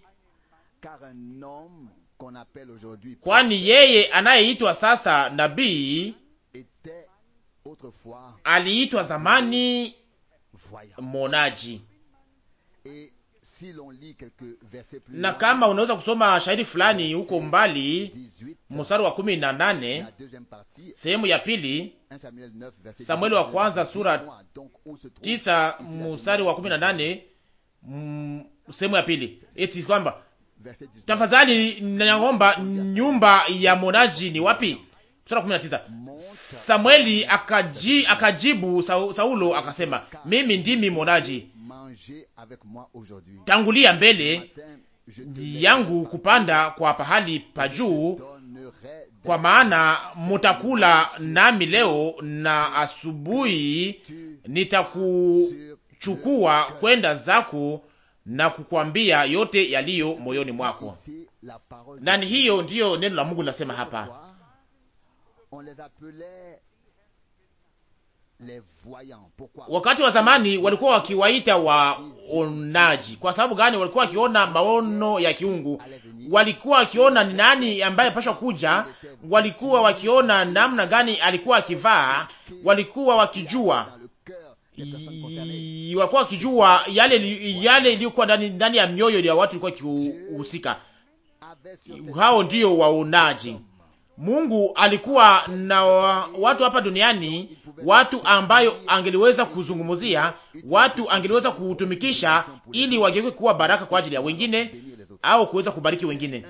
kwani yeye anayeitwa sasa nabii aliitwa zamani mwonaji na kama unaweza kusoma shahidi fulani huko mbali, mstari wa kumi na nane sehemu ya pili, Samueli wa kwanza sura tisa mstari wa kumi na nane mm, sehemu ya pili, eti kwamba tafadhali, naomba nyumba ya monaji ni wapi? Sura kumi na tisa. Samueli akaji, akajibu Saulo akasema, mimi ndimi monaji tangulia mbele yangu kupanda kwa pahali pa juu, kwa maana mutakula nami leo, na asubuhi nitakuchukua kwenda zako na kukwambia yote yaliyo moyoni mwako. Nani, hiyo ndiyo neno la Mungu linasema hapa Wakati wa zamani walikuwa wakiwaita waonaji. Kwa sababu gani? Walikuwa wakiona maono ya kiungu, walikuwa wakiona ni nani ambaye pasha kuja, walikuwa wakiona namna gani alikuwa akivaa, walikuwa wakijua walikuwa wakijua yale yale iliyokuwa ndani ndani ya mioyo ya watu ilikuwa ikihusika. Hao ndiyo waonaji. Mungu alikuwa na watu hapa duniani, watu ambayo angeliweza kuzungumzia, watu angeliweza kuutumikisha ili wageuke kuwa baraka kwa ajili ya wengine au kuweza kubariki wengine.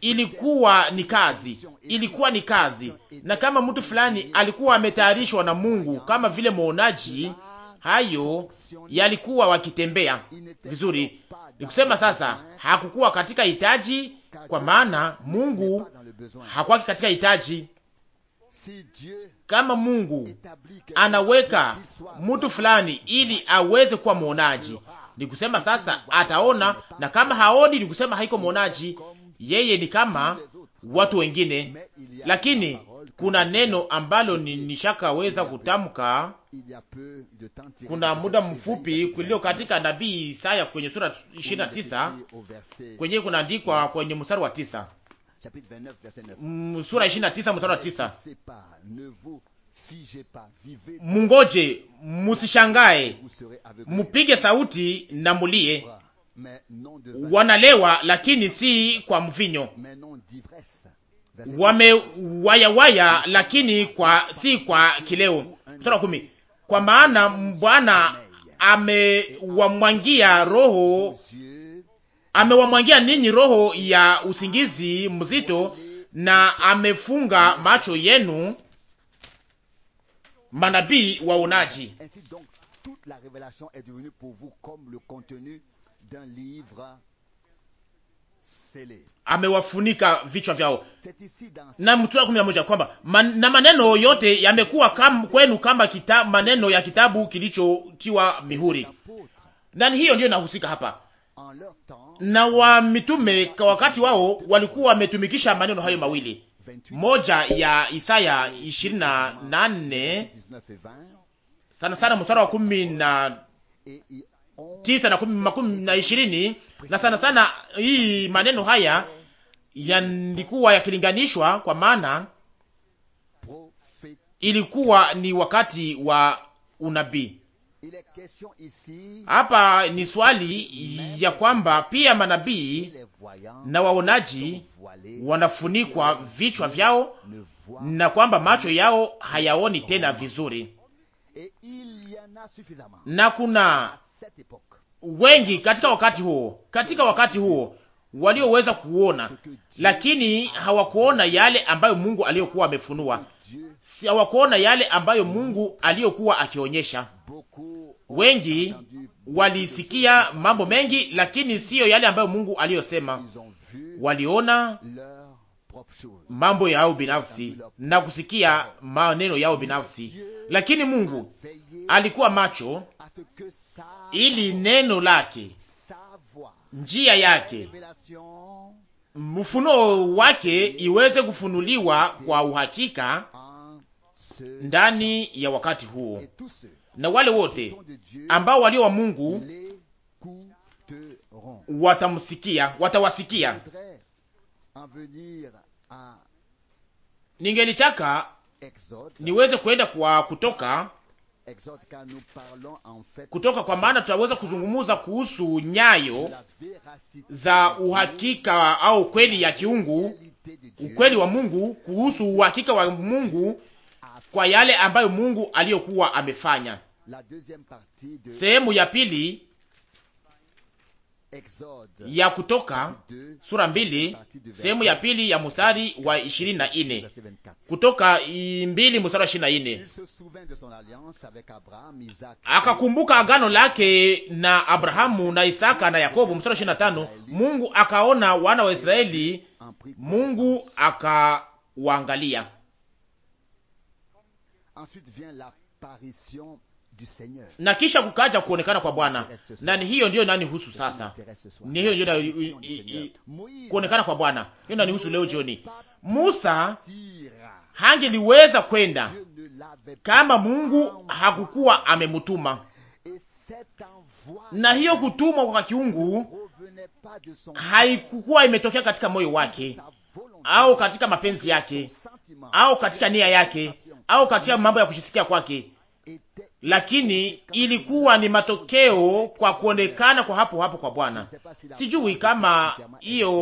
Ilikuwa ni kazi, ilikuwa ni kazi. Na kama mtu fulani alikuwa ametayarishwa na Mungu kama vile mwonaji, hayo yalikuwa wakitembea vizuri. Nikusema sasa, hakukuwa katika hitaji kwa maana Mungu hakwaki katika hitaji. Kama Mungu anaweka mtu fulani ili aweze kuwa mwonaji, ni kusema sasa ataona, na kama haoni, ni kusema haiko mwonaji, yeye ni kama watu wengine, lakini kuna neno ambalo nishakaweza kutamka kuna muda mfupi kulio katika nabii Isaya kwenye sura 29 kwenye kunaandikwa kwenye mstari wa tisa sura 29 mstari wa tisa mungoje musishangae mupige sauti na mulie wanalewa lakini si kwa mvinyo wamewayawaya, lakini kwa si kwa kileo. Sura kumi. Kwa maana Bwana amewamwangia roho, amewamwangia ninyi roho ya usingizi mzito, na amefunga macho yenu manabii waonaji amewafunika vichwa vyao. Na mstari wa kumi na moja kwamba man, na maneno yote yamekuwa kam, kwenu kama kita, maneno ya kitabu kilichotiwa mihuri. Na hiyo ndiyo inahusika hapa, na wa mitume kwa wakati wao walikuwa wametumikisha maneno hayo mawili, moja ya Isaya 28 na sana sana mstari wa kumi na tisa na kumi na ishirini na sana sana hii maneno haya yalikuwa yakilinganishwa, kwa maana ilikuwa ni wakati wa unabii. Hapa ni swali ya kwamba pia manabii na waonaji wanafunikwa vichwa vyao na kwamba macho yao hayaoni tena vizuri, na kuna wengi katika wakati huo, katika wakati huo walioweza kuona, lakini hawakuona yale ambayo Mungu aliyokuwa amefunua, si hawakuona yale ambayo Mungu aliyokuwa akionyesha. Wengi walisikia mambo mengi, lakini siyo yale ambayo Mungu aliyosema. Waliona mambo yao binafsi na kusikia maneno yao binafsi, lakini Mungu alikuwa macho ili neno lake njia yake, mfunuo wake iweze kufunuliwa kwa uhakika ndani ya wakati huo, na wale wote ambao walio wa Mungu watamsikia, watawasikia. Ningelitaka niweze kuenda kwa Kutoka kutoka, kwa maana tutaweza kuzungumuza kuhusu nyayo za uhakika au kweli ya kiungu, ukweli wa Mungu, kuhusu uhakika wa Mungu kwa yale ambayo Mungu aliyokuwa amefanya. Sehemu ya pili ya Kutoka sura mbili sehemu ya pili ya mstari wa ishirini na nne Kutoka mbili mstari wa ishirini na nne akakumbuka agano lake na Abrahamu na Isaka na Yakobo. Mstari wa ishirini na tano Mungu akaona wana wa Israeli, Mungu akawaangalia na kisha kukaja kuonekana kwa Bwana. Na ni hiyo ndiyo husu sasa, ni hiyo ndiyo kuonekana kwa Bwana, hiyo husu leo jioni. Musa hangeliweza kwenda kama Mungu hakukuwa amemutuma, na hiyo kutumwa kwa kiungu haikukuwa imetokea katika moyo wake au katika mapenzi yake au katika nia yake au katika mambo ya kujisikia kwake lakini ilikuwa ni matokeo kwa kuonekana kwa hapo hapo kwa Bwana. Sijui kama hiyo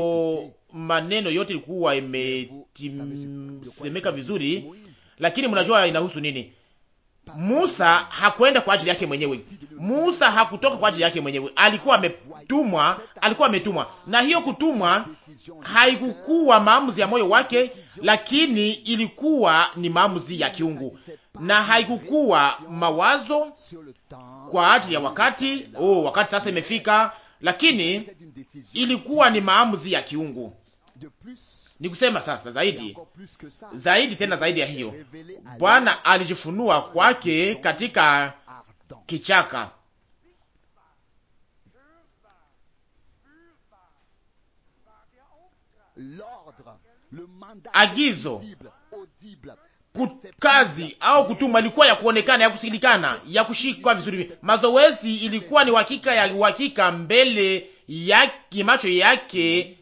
maneno yote ilikuwa imetisemeka vizuri, lakini mnajua inahusu nini. Musa hakwenda kwa ajili yake mwenyewe. Musa hakutoka kwa ajili yake mwenyewe, alikuwa ametumwa, alikuwa ametumwa. Na hiyo kutumwa haikukuwa maamuzi ya moyo wake, lakini ilikuwa ni maamuzi ya kiungu, na haikukuwa mawazo kwa ajili ya wakati, oh, wakati sasa imefika, lakini ilikuwa ni maamuzi ya kiungu. Ni kusema sasa zaidi zaidi tena zaidi ya hiyo, Bwana alijifunua kwake katika kichaka. Agizo kazi au kutuma ilikuwa ya kuonekana, ya kusikilikana, ya kushikwa vizuri. Mazoezi ilikuwa ni uhakika ya uhakika mbele ya macho yake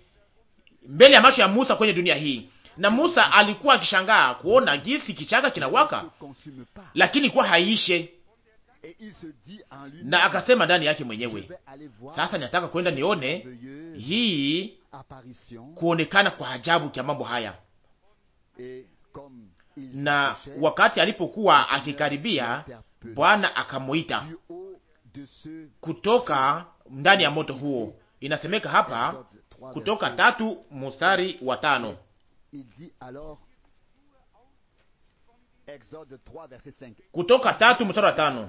mbele ya macho ya Musa kwenye dunia hii, na Musa alikuwa akishangaa kuona jinsi kichaka kinawaka lakini kwa haiishe, na akasema ndani yake mwenyewe, sasa ninataka kwenda nione hii kuonekana kwa ajabu kya mambo haya. Na wakati alipokuwa akikaribia, Bwana akamuita kutoka ndani ya moto huo. Inasemeka hapa kutoka tatu mstari wa tano Kutoka tatu mstari wa tano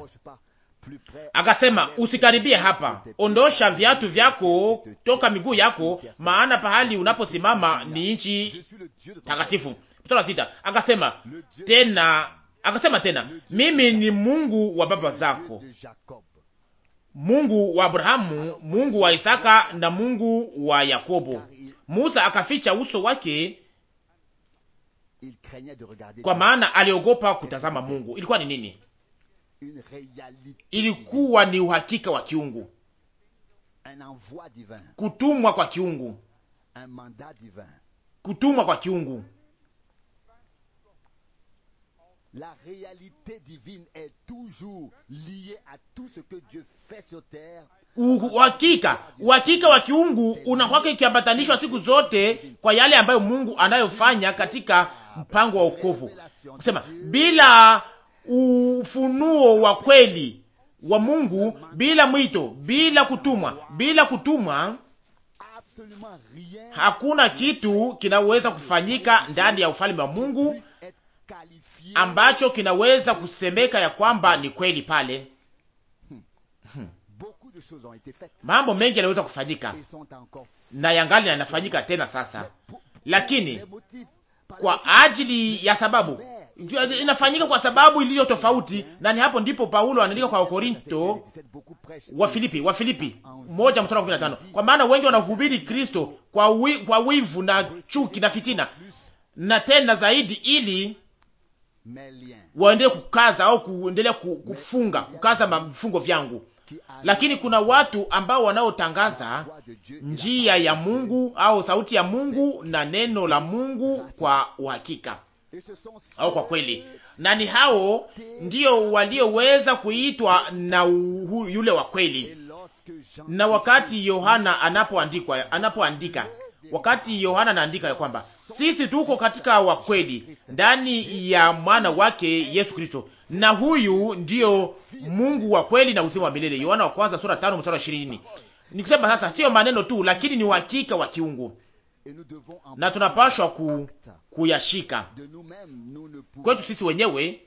akasema, usikaribie hapa, ondosha viatu vyako toka miguu yako, maana pahali unaposimama ni nchi takatifu. Mstari wa sita akasema tena, akasema tena, mimi ni Mungu wa baba zako Mungu wa Abrahamu, Mungu wa Isaka na Mungu wa Yakobo. Musa akaficha uso wake kwa maana aliogopa kutazama Mungu. Ilikuwa ni nini? Ilikuwa ni uhakika wa kiungu, kutumwa kwa kiungu, kutumwa kwa kiungu la réalité divine est toujours liée à tout ce que Dieu fait sur terre. Uhakika, uhakika wa kiungu unakwake ikiambatanishwa siku zote kwa yale ambayo Mungu anayofanya katika mpango wa wokovu. Kusema bila ufunuo wa kweli wa Mungu, bila mwito, bila kutumwa, bila kutumwa hakuna kitu kinaweza kufanyika ndani ya ufalme wa Mungu ambacho kinaweza kusemeka ya kwamba ni kweli pale. Mambo mengi yanaweza kufanyika na yangali yanafanyika tena sasa, lakini kwa ajili ya sababu inafanyika kwa sababu iliyo tofauti, na ni hapo ndipo Paulo anaandika kwa Wakorinto wa Filipi wa Filipi 1:15 kwa maana wengi wanahubiri Kristo kwa wivu na chuki na fitina, na tena zaidi ili waendelee kukaza au kuendelea kufunga kukaza mafungo vyangu, lakini kuna watu ambao wanaotangaza njia ya Mungu au sauti ya Mungu na neno la Mungu kwa uhakika au kwa kweli, na ni hao ndio walioweza kuitwa na yule wa kweli. Na wakati Yohana anapoandikwa anapoandika, wakati Yohana anaandika ya kwamba sisi tuko katika wa kweli ndani ya mwana wake Yesu Kristo, na huyu ndiyo Mungu wa kweli na uzima wa milele. Yohana wa kwanza sura tano mstari wa ishirini. Nikusema sasa, siyo maneno tu, lakini ni uhakika wa kiungu na tunapashwa ku, kuyashika kwetu sisi wenyewe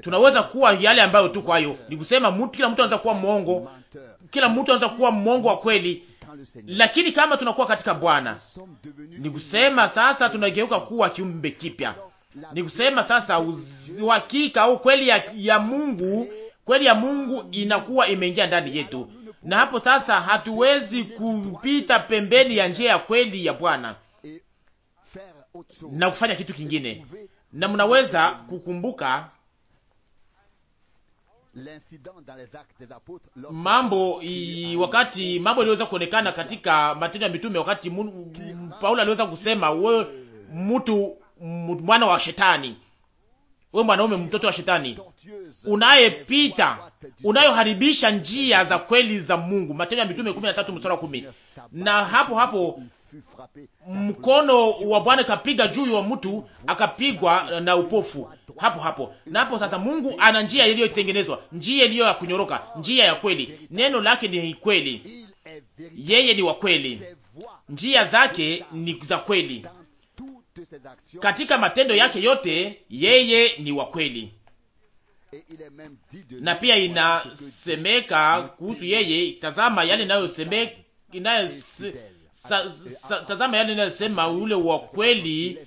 tunaweza kuwa yale ambayo tuko hayo. Ni kusema mtu, kila mtu anaweza kuwa mwongo, kila mtu anaweza kuwa mwongo wa kweli, lakini kama tunakuwa katika Bwana, ni kusema sasa tunageuka kuwa kiumbe kipya. Ni kusema sasa uhakika au kweli ya, ya Mungu, kweli ya Mungu inakuwa imeingia ndani yetu, na hapo sasa hatuwezi kupita pembeni ya njia ya kweli ya Bwana na kufanya kitu kingine na mnaweza kukumbuka mambo i, wakati mambo iliweza kuonekana katika Matendo ya Mitume, wakati Paulo aliweza kusema wewe mtu mwana wa shetani, wewe mwanaume mtoto wa shetani, unayepita unayoharibisha njia za kweli za Mungu. Matendo ya Mitume 13 mstari wa 10. Na hapo hapo mkono wa Bwana ikapiga juu wa mtu akapigwa na upofu hapo hapo. Napo sasa, Mungu ana njia iliyotengenezwa, njia iliyo ya kunyoroka, njia ya kweli. Neno lake ni kweli, yeye ni wa kweli, njia zake ni za kweli. Katika matendo yake yote, yeye ni wa kweli na pia inasemeka kuhusu yeye, tazama yale inayosemeka inayo sa, sa, eh, tazama yale inasema ule wa kweli,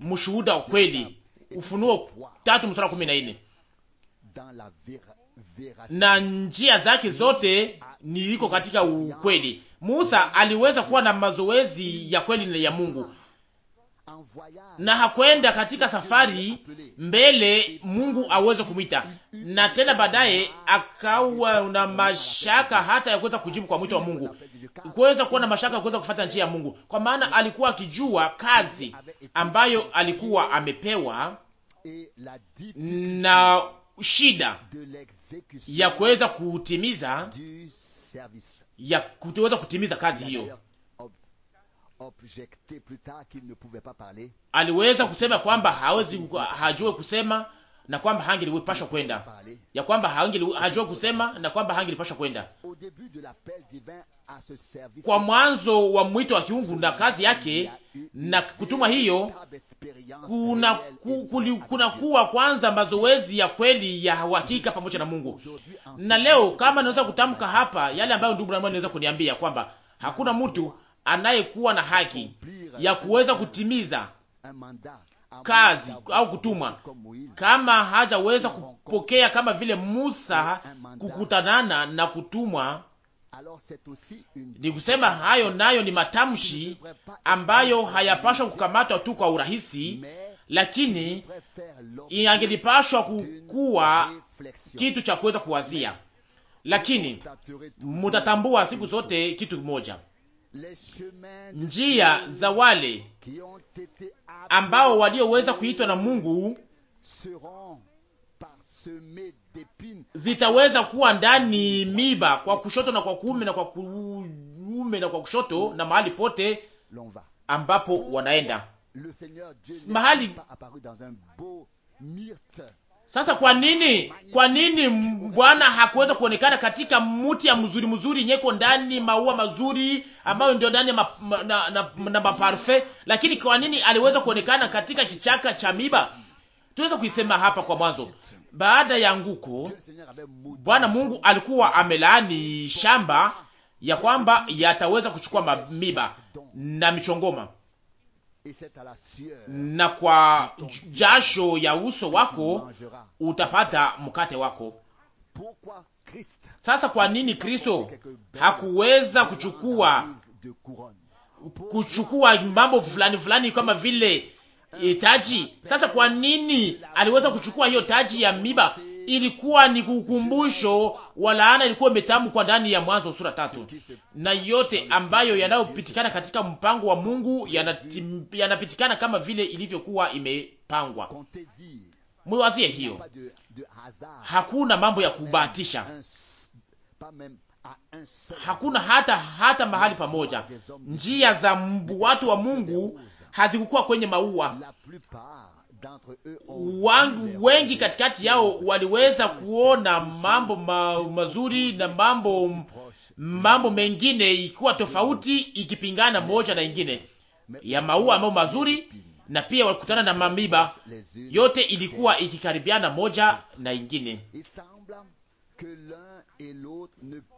mshuhuda wa kweli, Ufunuo tatu mstari kumi na nne na njia zake zote niliko katika ukweli. Musa aliweza kuwa na mazoezi ya kweli ya Mungu, na hakwenda katika safari mbele Mungu aweze kumwita, na tena baadaye akawa na mashaka hata ya kuweza kujibu kwa mwito wa Mungu, kuweza kuwa na mashaka ya kuweza kufata njia ya Mungu, kwa maana alikuwa akijua kazi ambayo alikuwa amepewa na shida ya kuweza kutimiza ya kuweza kutimiza kazi hiyo aliweza kusema kwamba hawezi hajue kusema na kwamba hangelipashwa kwenda, ya kwamba hajue kusema na kwamba hangelipashwa kwenda. Kwa mwanzo wa mwito wa kiungu na kazi yake na kutumwa hiyo, kuna, ku, kuna kuwa kwanza mazoezi ya kweli ya uhakika pamoja na Mungu. Na leo kama naweza kutamka hapa yale ambayo ndugu naweza kuniambia kwamba hakuna mtu anayekuwa na haki ya kuweza kutimiza kazi au kutumwa, kama hajaweza kupokea kama vile Musa kukutanana na kutumwa. Ni kusema hayo nayo ni matamshi ambayo hayapashwa kukamatwa tu kwa urahisi, lakini angelipashwa kukuwa kitu cha kuweza kuwazia. Lakini mutatambua siku zote kitu kimoja njia za wale ambao walioweza kuitwa na Mungu zitaweza kuwa ndani miba kwa kushoto na kwa kuume na kwa kuume na kwa kushoto na mahali pote ambapo wanaenda mahali sasa kwa nini, kwa nini Bwana hakuweza kuonekana katika mti ya mzuri mzuri nyeko ndani maua mazuri ambayo ndio ndani ma, ma, na, na, na maparfe, lakini kwa nini aliweza kuonekana katika kichaka cha miba? Tuweza kuisema hapa kwa mwanzo. Baada ya nguko, Bwana Mungu alikuwa amelaani shamba ya kwamba yataweza kuchukua miba na michongoma na kwa jasho ya uso wako utapata mkate wako. Sasa kwa nini Kristo hakuweza kuchukua kuchukua mambo fulani fulani kama vile eh, taji? Sasa kwa nini aliweza kuchukua hiyo taji ya miba ilikuwa ni kukumbusho wa laana ilikuwa imetamkwa ndani ya Mwanzo sura tatu, na yote ambayo yanayopitikana katika mpango wa Mungu yanapitikana kama vile ilivyokuwa imepangwa. Mwiwazie hiyo, hakuna mambo ya kubahatisha, hakuna hata hata mahali pamoja. Njia za watu wa Mungu hazikukuwa kwenye maua wangu wengi katikati yao waliweza kuona mambo ma, mazuri na mambo mambo mengine ikiwa tofauti ikipingana moja na ingine ya maua ambayo mazuri, na pia walikutana na mamiba, yote ilikuwa ikikaribiana moja na ingine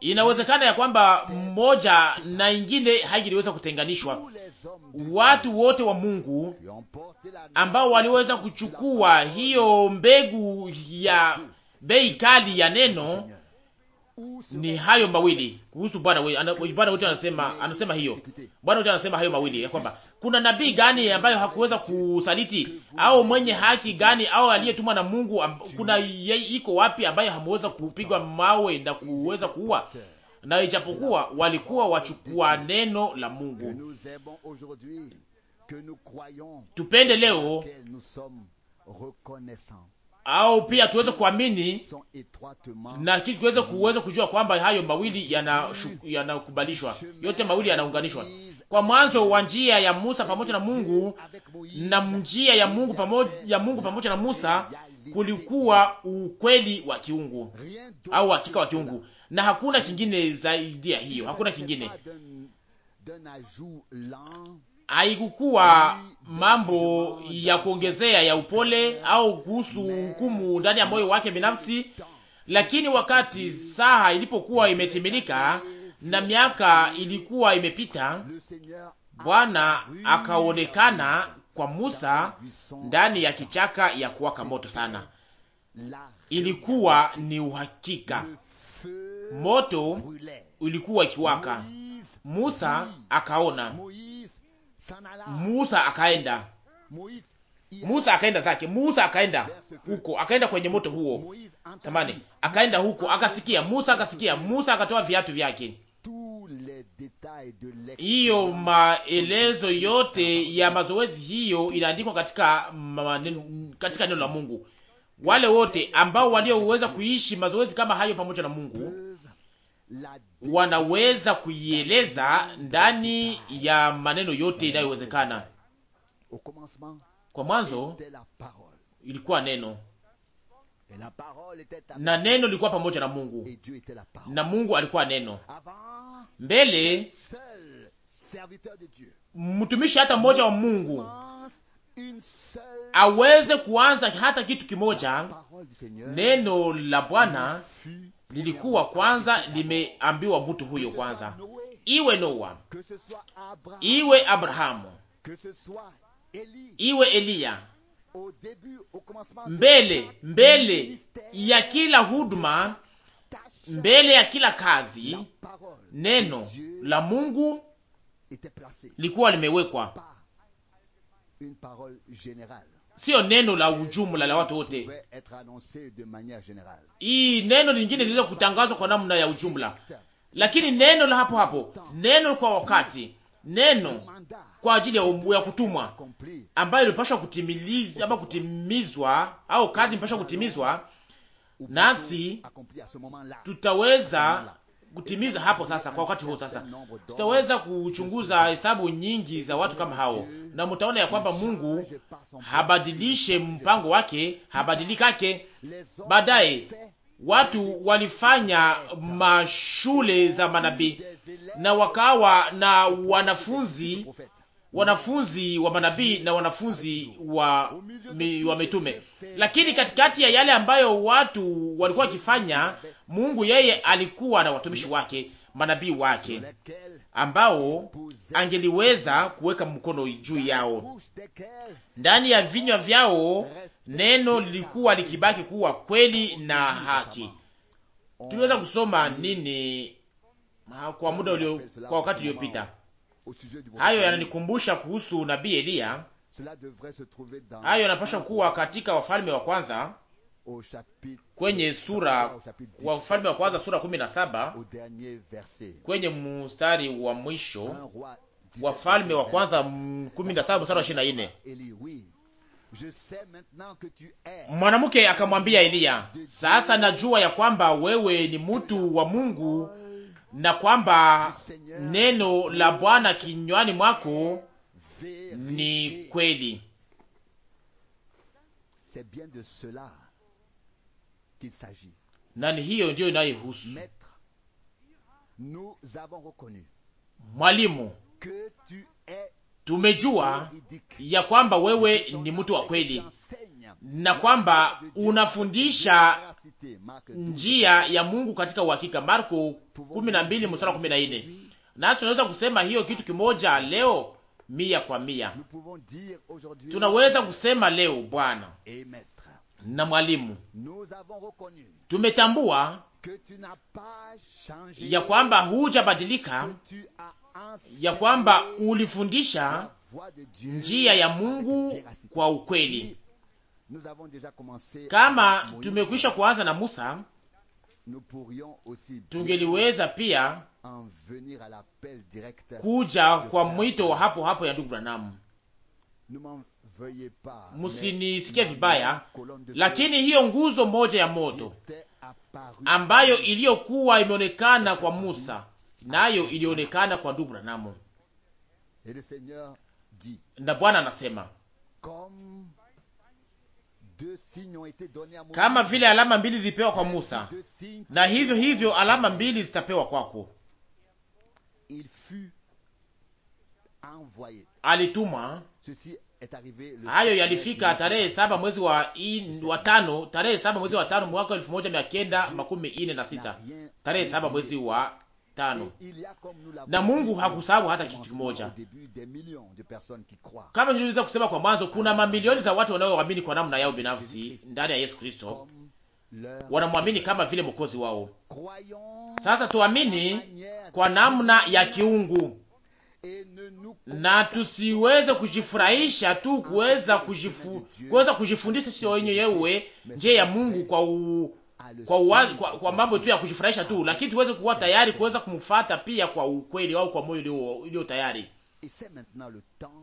Inawezekana ya kwamba mmoja na ingine haingeliweza kutenganishwa. Watu wote wa Mungu ambao waliweza kuchukua hiyo mbegu ya bei kali ya neno ni hayo mawili kuhusu Bwana wetu. Bwana wetu anasema anasema hiyo, Bwana wetu anasema hayo mawili ya kwamba kuna nabii gani ambayo hakuweza kusaliti au mwenye haki gani au aliyetumwa na Mungu? Kuna yeye iko wapi ambaye hamuweza kupigwa mawe na kuweza kuua? Na ijapokuwa walikuwa wachukua neno la Mungu. Tupende leo au pia tuweze kuamini na kitu tuweze kuweza kujua kwamba hayo mawili yanakubalishwa, yana yote mawili yanaunganishwa kwa mwanzo wa njia ya Musa pamoja na Mungu na njia ya Mungu pamoja ya Mungu pamoja na Musa kulikuwa ukweli wa kiungu au hakika wa kiungu, na hakuna kingine zaidi ya hiyo, hakuna kingine haikukuwa mambo ya kuongezea ya upole au kuhusu hukumu ndani ya moyo wake binafsi, lakini wakati saa ilipokuwa imetimilika na miaka ilikuwa imepita, Bwana akaonekana kwa Musa ndani ya kichaka ya kuwaka moto sana. Ilikuwa ni uhakika, moto ulikuwa ikiwaka. Musa akaona Musa akaenda, Musa akaenda zake, Musa akaenda huko, akaenda kwenye moto huo samani, akaenda huko, akasikia Musa, akasikia Musa, akatoa viatu vyake. Hiyo maelezo yote ya mazoezi hiyo inaandikwa katika maneno, katika neno la Mungu. Wale wote ambao walioweza kuishi mazoezi kama hayo pamoja na Mungu wanaweza kuieleza ndani ya maneno yote inayowezekana. Kwa mwanzo ilikuwa neno na neno lilikuwa pamoja na Mungu na Mungu alikuwa neno. Mbele mtumishi hata mmoja wa Mungu aweze kuanza hata kitu kimoja, neno la Bwana lilikuwa kwanza limeambiwa mtu huyo kwanza, iwe Noa, iwe Abrahamu, iwe Eliya, mbele mbele ya kila huduma, mbele ya kila kazi, neno la Mungu likuwa limewekwa siyo neno la ujumla la watu wote. Hii neno lingine liliweza kutangazwa kwa namna ya ujumla, lakini neno la hapo hapo, neno kwa wakati, neno kwa ajili ya, ya kutumwa ambayo ilipashwa kutimiliza ama kutimizwa au kazi imepashwa kutimizwa, nasi tutaweza kutimiza hapo sasa, kwa wakati huu sasa. Tutaweza kuchunguza hesabu nyingi za watu kama hao, na mtaona ya kwamba Mungu habadilishe mpango wake, habadilikake baadaye. Watu walifanya mashule za manabii na wakawa na wanafunzi wanafunzi wa manabii na wanafunzi wa, mi, wa mitume. Lakini katikati ya yale ambayo watu walikuwa wakifanya, Mungu yeye alikuwa na watumishi wake, manabii wake ambao angeliweza kuweka mkono juu yao. Ndani ya vinywa vyao neno lilikuwa likibaki kuwa kweli na haki. Tuliweza kusoma nini kwa muda ulio, kwa wakati uliopita Hayo yananikumbusha kuhusu nabii Eliya. Hayo yanapaswa kuwa katika Wafalme wa Kwanza kwenye sura wa Wafalme wa Kwanza sura kumi na saba kwenye mstari wa mwisho. Wafalme wa Kwanza kumi na saba mstari wa ishirini na nne mwanamke akamwambia Eliya, sasa najua ya kwamba wewe ni mtu wa Mungu na kwamba neno la Bwana kinywani mwako ni kweli. Na ni hiyo ndiyo inayohusu mwalimu, tumejua ya kwamba wewe ni mtu wa kweli na kwamba unafundisha njia ya Mungu katika uhakika, Marko 12:14. Nasi tunaweza kusema hiyo kitu kimoja leo mia kwa mia, tunaweza kusema leo Bwana na mwalimu, tumetambua ya kwamba hujabadilika, ya kwamba ulifundisha njia ya Mungu kwa ukweli kama tumekwisha kuanza na Musa, tungeliweza pia kuja kwa mwito hapo hapo ya ndugu Branamu. Msinisikie vibaya, lakini hiyo nguzo moja ya moto ambayo iliyokuwa imeonekana kwa Musa nayo ilionekana kwa ndugu Branamu, na Bwana anasema kama vile alama mbili zilipewa kwa Musa, na hivyo hivyo alama mbili zitapewa kwako. Alitumwa. Hayo yalifika tarehe saba mwezi wa, in, wa tano tarehe saba mwezi wa tano mwaka elfu moja mia kenda makumi ine na sita tarehe saba mwezi wa tano. Na Mungu hakusahau hata kitu kimoja. Kama niliweza kusema kwa mwanzo, kuna mamilioni za watu wanaoamini kwa namna yao binafsi ndani ya Yesu Kristo, wanamwamini kama vile mwokozi wao. Sasa tuamini kwa namna ya kiungu na tusiweze kujifurahisha tu kuweza kujifu, kuweza kujifundisha sio wenyewe nje ya Mungu kwa u, kwa, uwazi, kwa, kwa mambo tu ya kujifurahisha tu, lakini tuweze kuwa tayari kuweza kumfuata pia kwa ukweli au kwa moyo ulio tayari,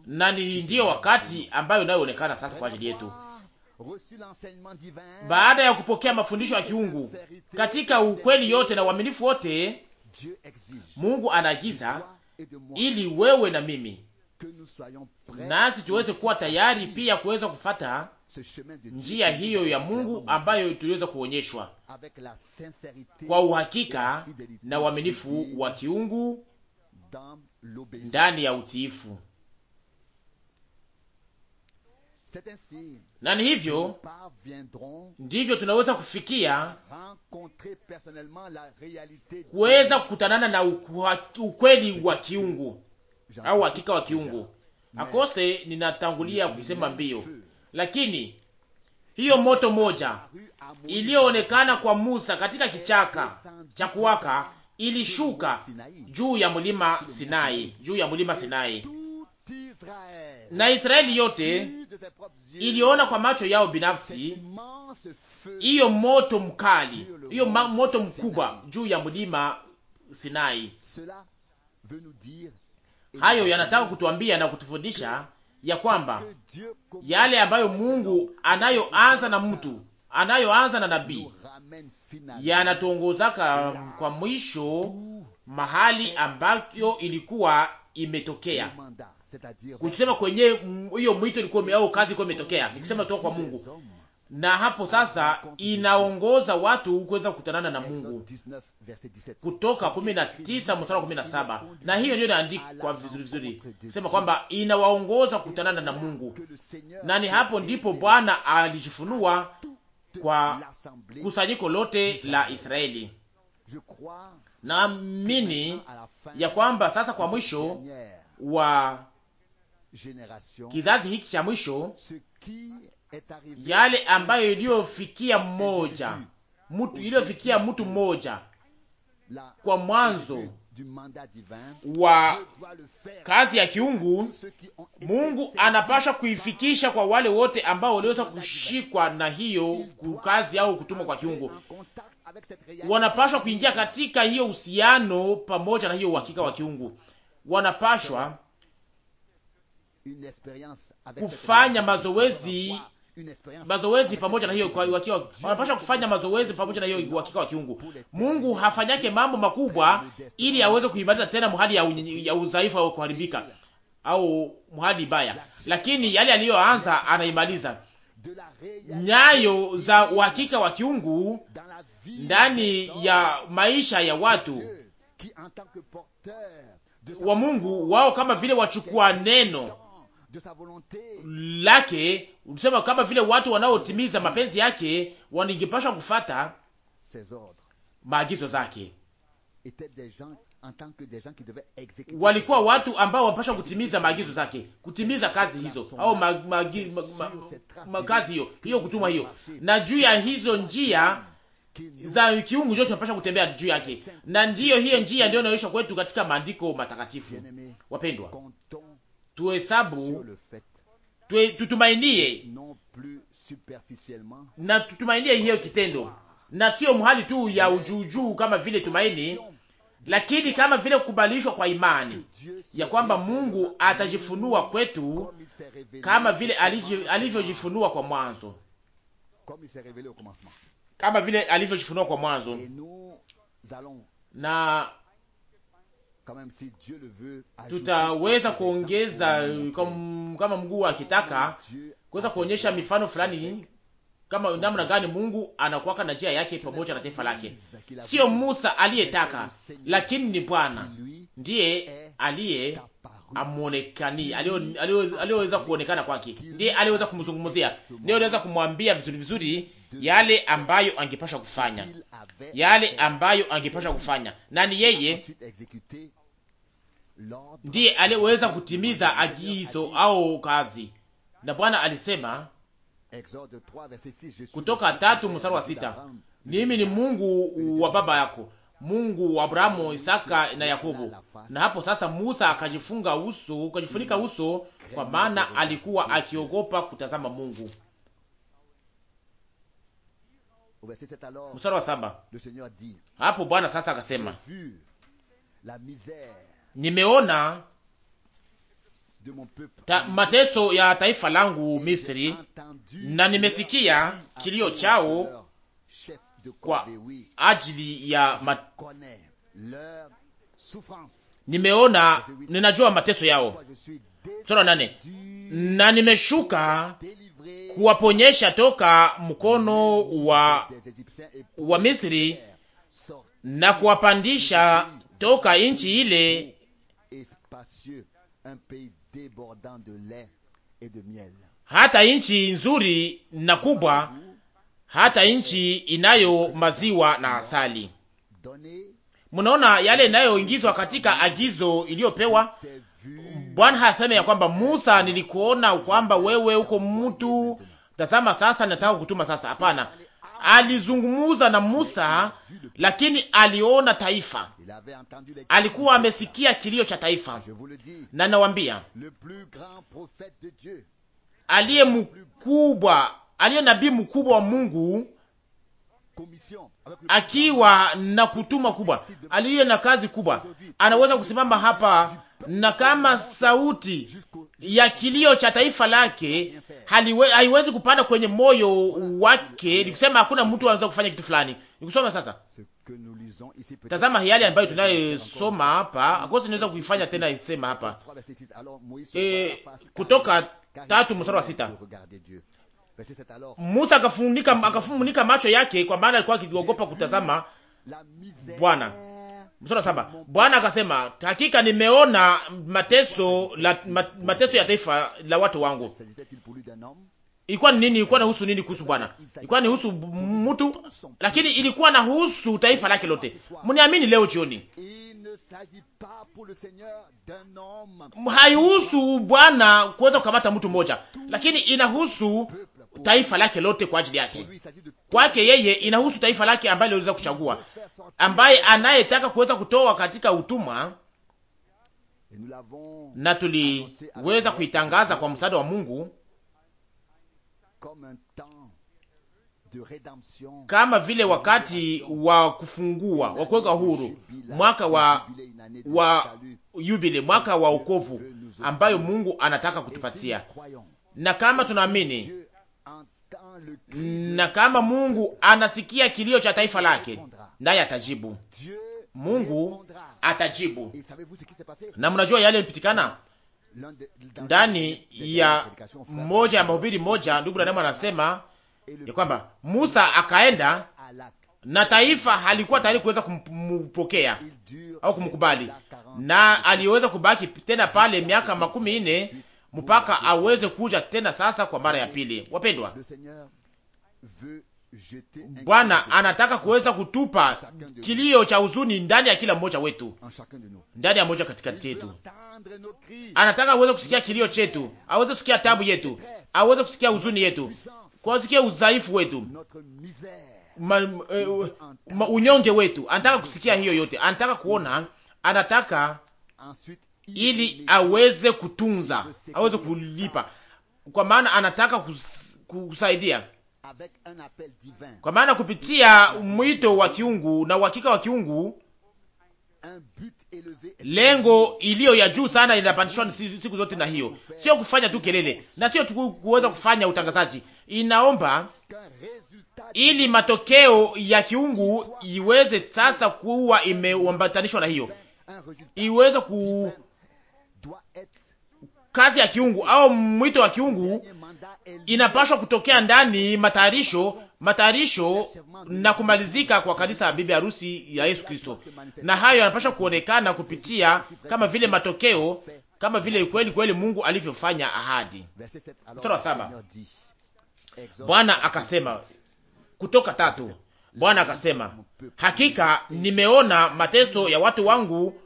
na ni ndiyo wakati ambayo unayoonekana sasa kwa ajili yetu baada ya kupokea mafundisho ya kiungu katika ukweli yote na uaminifu wote, Mungu anaagiza ili wewe na mimi nasi tuweze kuwa tayari pia kuweza kufata njia hiyo ya Mungu ambayo tuliweza kuonyeshwa kwa uhakika na uaminifu wa kiungu ndani ya utiifu. Na ni hivyo ndivyo tunaweza kufikia kuweza kukutanana na ukweli wa kiungu au uhakika wa kiungu. Akose ninatangulia kusema mbio lakini hiyo moto moja iliyoonekana kwa Musa katika kichaka cha kuwaka ilishuka juu ya mlima Sinai, juu ya mlima Sinai, na Israeli yote iliona kwa macho yao binafsi hiyo moto mkali, hiyo moto mkubwa juu ya mlima Sinai. Hayo yanataka kutuambia na kutufundisha ya kwamba yale ambayo Mungu anayoanza na mtu anayoanza na nabii yanatongozaka kwa mwisho mahali ambayo ilikuwa imetokea kusema kwenye hiyo mwito ilikuwa au kazi ilikuwa imetokea, nikisema toka kwa Mungu na hapo sasa inaongoza watu kuweza kukutanana na Mungu. Kutoka 19 mstari wa 17, na hiyo ndio inaandikwa vizuri vizuri, sema kwamba inawaongoza kukutanana na Mungu, na ni hapo ndipo Bwana alijifunua kwa kusanyiko lote la Israeli. Naamini ya kwamba sasa kwa mwisho wa kizazi hiki cha mwisho yale ambayo iliyofikia mmoja mtu iliyofikia mtu mmoja kwa mwanzo wa kazi ya kiungu, Mungu anapasha kuifikisha kwa wale wote ambao waliweza kushikwa na hiyo kazi au kutumwa kwa kiungu, wanapashwa kuingia katika hiyo uhusiano pamoja na hiyo uhakika wa kiungu, wanapashwa kufanya mazoezi mazoezi pamoja na hiyo kwa wakiwa wanapaswa kufanya mazoezi pamoja na hiyo uhakika wa kiungu. Mungu hafanyake mambo makubwa ili aweze kuimaliza tena mhali ya, ya udhaifu au kuharibika au mhali baya, lakini yale aliyoanza anaimaliza. Nyayo za uhakika wa kiungu ndani ya maisha ya watu wa Mungu wao, kama vile wachukua neno lake usema kama vile watu wanaotimiza mapenzi yake waningepashwa kufata maagizo zake. Walikuwa watu ambao wanapashwa kutimiza maagizo zake, kutimiza kazi hizo au ma, ma, ma, ma, ma, kazi hiyo hiyo, kutuma hiyo, na juu ya hizo njia za kiungu ndio tunapasha kutembea juu yake, na ndiyo hiyo njia ndio inaonyeshwa kwetu katika maandiko matakatifu. Wapendwa, tuhesabu, tutumainie na tutumainie hiyo kitendo, na sio mhali tu ya ujuujuu kama vile tumaini, lakini kama vile kukubalishwa kwa imani ya kwamba Mungu atajifunua kwetu kama vile alivyojifunua kwa mwanzo, kama vile alivyojifunua kwa mwanzo na tutaweza kuongeza kama Mungu akitaka, kuweza kuonyesha mifano fulani kama namna gani Mungu anakuwaka na njia yake pamoja na taifa lake. Sio Musa aliyetaka, lakini ni Bwana ndiye aliye amuonekani aliyoweza kuonekana kwake, ndiye aliyeweza kumzungumzia, ndiye aliweza kumwambia vizuri vizuri yale ambayo angepasha kufanya, yale ambayo angepasha kufanya, na ni yeye ndiye aliyeweza kutimiza agizo au kazi. Na Bwana alisema kutoka tatu mstari wa sita mimi ni Mungu wa baba yako, Mungu wa Abrahamu, Isaka na Yakobo. Na hapo sasa Musa akajifunga uso, akajifunika uso, kwa maana alikuwa akiogopa kutazama Mungu. Mstari wa saba hapo Bwana sasa akasema nimeona ta, mateso ya taifa langu Misri, na nimesikia kilio chao kwa ajili ya mat... nimeona, ninajua mateso yao. Sura nane. Na nimeshuka kuwaponyesha toka mkono wa, wa Misri na kuwapandisha toka nchi ile hata nchi nzuri na kubwa, hata nchi inayo maziwa na asali. Munaona yale inayoingizwa katika agizo iliyopewa Bwana haseme ya kwamba Musa, nilikuona kwamba wewe uko mtu, tazama sasa nataka kutuma sasa. Hapana, alizungumuza na Musa, lakini aliona taifa, alikuwa amesikia kilio cha taifa. Na nawambia aliye mkubwa, aliye nabii mkubwa wa Mungu akiwa na kutuma kubwa, aliye na kazi kubwa, anaweza kusimama hapa na kama sauti ya kilio cha taifa lake haliwe, haiwezi kupanda kwenye moyo wake, ni kusema hakuna mtu anaweza kufanya kitu fulani. Nikusoma sasa, tazama yale ambayo tunayosoma hapa, akosi inaweza kuifanya tena, isema hapa e, Kutoka tatu mstari wa sita. Musa akafunika akafunika macho yake, kwa maana alikuwa akiogopa kutazama Bwana Msura saba, Bwana akasema hakika nimeona mateso la, mateso ya taifa la watu wangu. Ilikuwa ni nini? Ilikuwa nahusu nini kuhusu Bwana? Ilikuwa ni husu mtu, lakini ilikuwa nahusu taifa lake lote. Mniamini leo jioni, haihusu Bwana kuweza kukamata mtu mmoja, lakini inahusu taifa lake lote kwa ajili yake. Kwake yeye inahusu taifa lake ambalo aliweza kuchagua ambaye anayetaka kuweza kutoa katika utumwa, na tuliweza kuitangaza kwa msaada wa Mungu kama vile wakati wa kufungua wa kuweka huru mwaka wa, wa yubile mwaka wa ukovu ambayo Mungu anataka kutupatia, na kama tunaamini na kama Mungu anasikia kilio cha taifa lake, naye atajibu. Mungu atajibu. Na mnajua yale yalipitikana ndani ya moja ya mahubiri moja, ndugu Branham anasema ya kwamba Musa akaenda na taifa halikuwa tayari kuweza kumpokea au kumkubali, na aliweza kubaki tena pale miaka makumi nne mpaka aweze kuja tena sasa kwa mara ya pili. Wapendwa, Bwana anataka kuweza kutupa kilio cha huzuni ndani ya kila mmoja wetu, ndani ya mmoja katikati yetu. Anataka aweze kusikia kilio chetu, aweze kusikia tabu yetu, aweze kusikia huzuni yetu, kusikia udhaifu wetu, ma, e, ma, unyonge wetu. Anataka kusikia hiyo yote, anataka kuona, anataka ili aweze kutunza, aweze kulipa, kwa maana anataka kus, kusaidia, kwa maana kupitia mwito wa kiungu na uhakika wa kiungu, lengo iliyo ya juu sana inapandishwa siku zote, na hiyo sio kufanya tu kelele na sio tu kuweza kufanya utangazaji, inaomba ili matokeo ya kiungu iweze sasa kuwa imeambatanishwa na hiyo iweze ku kazi ya kiungu au mwito wa kiungu inapashwa kutokea ndani matayarisho matayarisho na kumalizika kwa kanisa la bibi harusi ya Yesu Kristo, na hayo yanapaswa kuonekana kupitia kama vile matokeo, kama vile kweli kweli Mungu alivyofanya ahadi. Mstari wa saba, Bwana akasema kutoka tatu, Bwana akasema hakika nimeona mateso ya watu wangu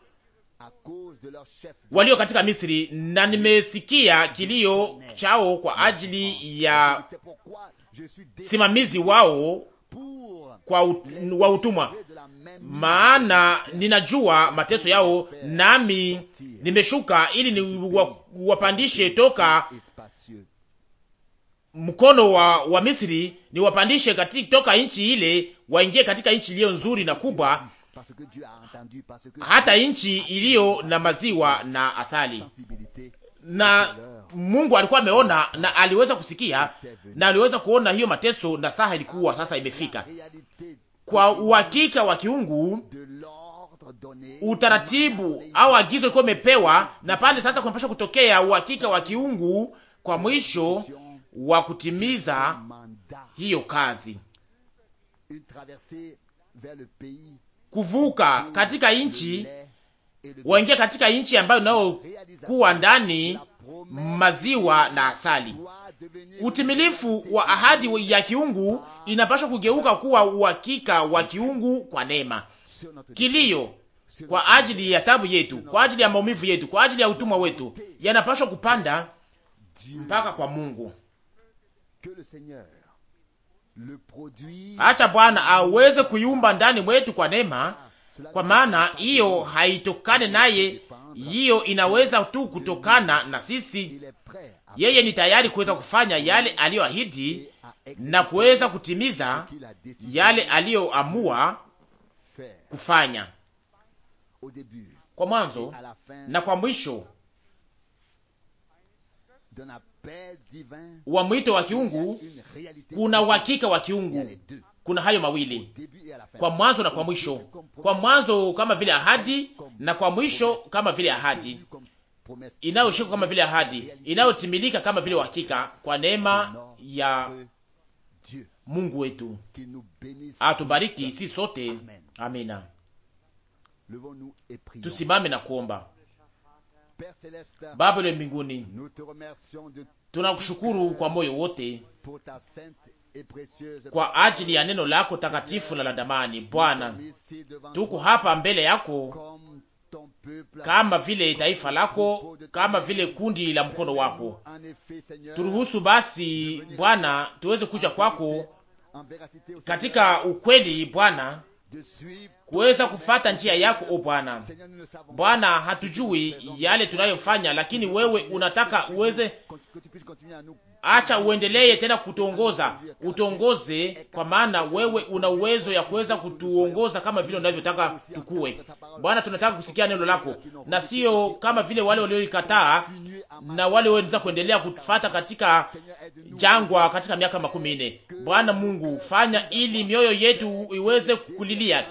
walio katika Misri, na nimesikia kilio chao kwa ajili ya simamizi wao kwa ut, wa utumwa, maana ninajua mateso yao, nami nimeshuka ili niwapandishe toka mkono wa, wa Misri niwapandishe toka nchi ile waingie katika nchi iliyo nzuri na kubwa hata nchi iliyo na maziwa na asali. Na Mungu alikuwa ameona na aliweza kusikia na aliweza kuona hiyo mateso, na saha ilikuwa sasa imefika. Kwa uhakika wa kiungu, utaratibu au agizo ilikuwa imepewa, na pale sasa kunapasha kutokea uhakika wa kiungu kwa mwisho wa kutimiza hiyo kazi kuvuka katika nchi waingia katika nchi ambayo unayokuwa ndani maziwa na asali. Utimilifu wa ahadi ya kiungu inapaswa kugeuka kuwa uhakika wa kiungu kwa neema. Kilio kwa ajili ya tabu yetu, kwa ajili ya maumivu yetu, kwa ajili ya utumwa wetu yanapaswa kupanda mpaka kwa Mungu. Acha Bwana aweze kuiumba ndani mwetu kwa neema, kwa maana hiyo haitokane naye, hiyo inaweza tu kutokana na sisi. Yeye ni tayari kuweza kufanya yale aliyoahidi na kuweza kutimiza yale aliyoamua kufanya kwa mwanzo na kwa mwisho wa mwito wa kiungu, kuna uhakika wa kiungu. Kuna hayo mawili, kwa mwanzo na kwa mwisho. Kwa mwanzo kama vile ahadi, na kwa mwisho kama vile ahadi inayoshika, kama vile ahadi inayotimilika, kama vile uhakika, kwa neema ya Mungu wetu atubariki si sote. Amina. Tusimame na kuomba. Baba ya mbinguni, tunakushukuru kwa moyo wote kwa ajili ya neno lako takatifu na la damani. Bwana, tuko hapa mbele yako kama vile taifa lako, kama vile kundi la mkono wako. Turuhusu basi Bwana tuweze kuja kwako katika ukweli Bwana kuweza kufata njia yako. O Bwana, Bwana, hatujui yale tunayofanya, lakini wewe unataka uweze acha uendelee tena kutuongoza, utuongoze, kwa maana wewe una uwezo ya kuweza kutuongoza kama vile unavyotaka tukue. Bwana, tunataka kusikia neno lako na sio kama vile wale waliolikataa na wale wenza kuendelea kufata katika jangwa katika miaka makumi nne. Bwana Mungu, fanya ili mioyo yetu iweze kulilia,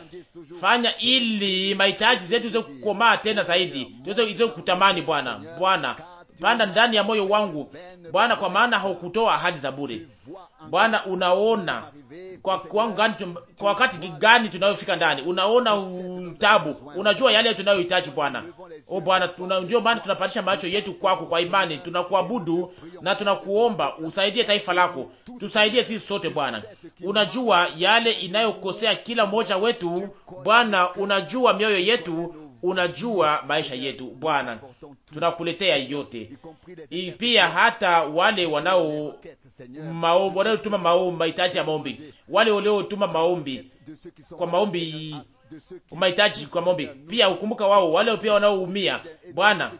fanya ili mahitaji zetu ziweze kukomaa tena zaidi, tuweze kutamani Bwana, Bwana panda ndani ya moyo wangu Bwana, kwa maana haukutoa ahadi za bure Bwana. Unaona kwa kwangu gani, kwa wakati gani tunayofika ndani, unaona utabu, unajua yale tunayohitaji Bwana. O Bwana, ndio maana tunapandisha macho yetu kwako kwa imani, tunakuabudu na tunakuomba usaidie taifa lako, tusaidie sisi sote Bwana. Unajua yale inayokosea kila mmoja wetu Bwana, unajua mioyo yetu unajua maisha yetu Bwana, tunakuletea yote pia hata wale wanao maombi wanaotuma maombi mahitaji ya maombi, wale waliotuma maombi kwa maombi mahitaji kwa maombi, pia ukumbuka wao wale pia wanaoumia. Bwana,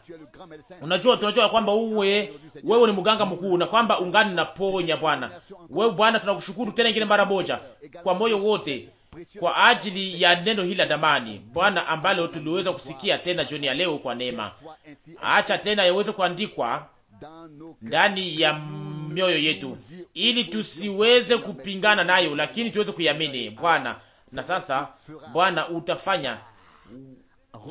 unajua tunajua kwamba uwe wewe ni mganga mkuu na kwamba ungani na ponya Bwana. Wewe Bwana, tunakushukuru tena ingine mara moja kwa moyo wote kwa ajili ya neno hili la damani Bwana ambalo tuliweza kusikia tena jioni ya leo kwa neema. Acha tena yaweze kuandikwa ndani ya mioyo yetu, ili tusiweze kupingana nayo, lakini tuweze kuiamini Bwana. Na sasa Bwana, utafanya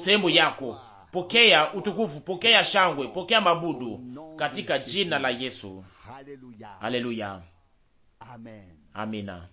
sehemu yako. Pokea utukufu, pokea shangwe, pokea mabudu katika jina la Yesu. Haleluya, amina.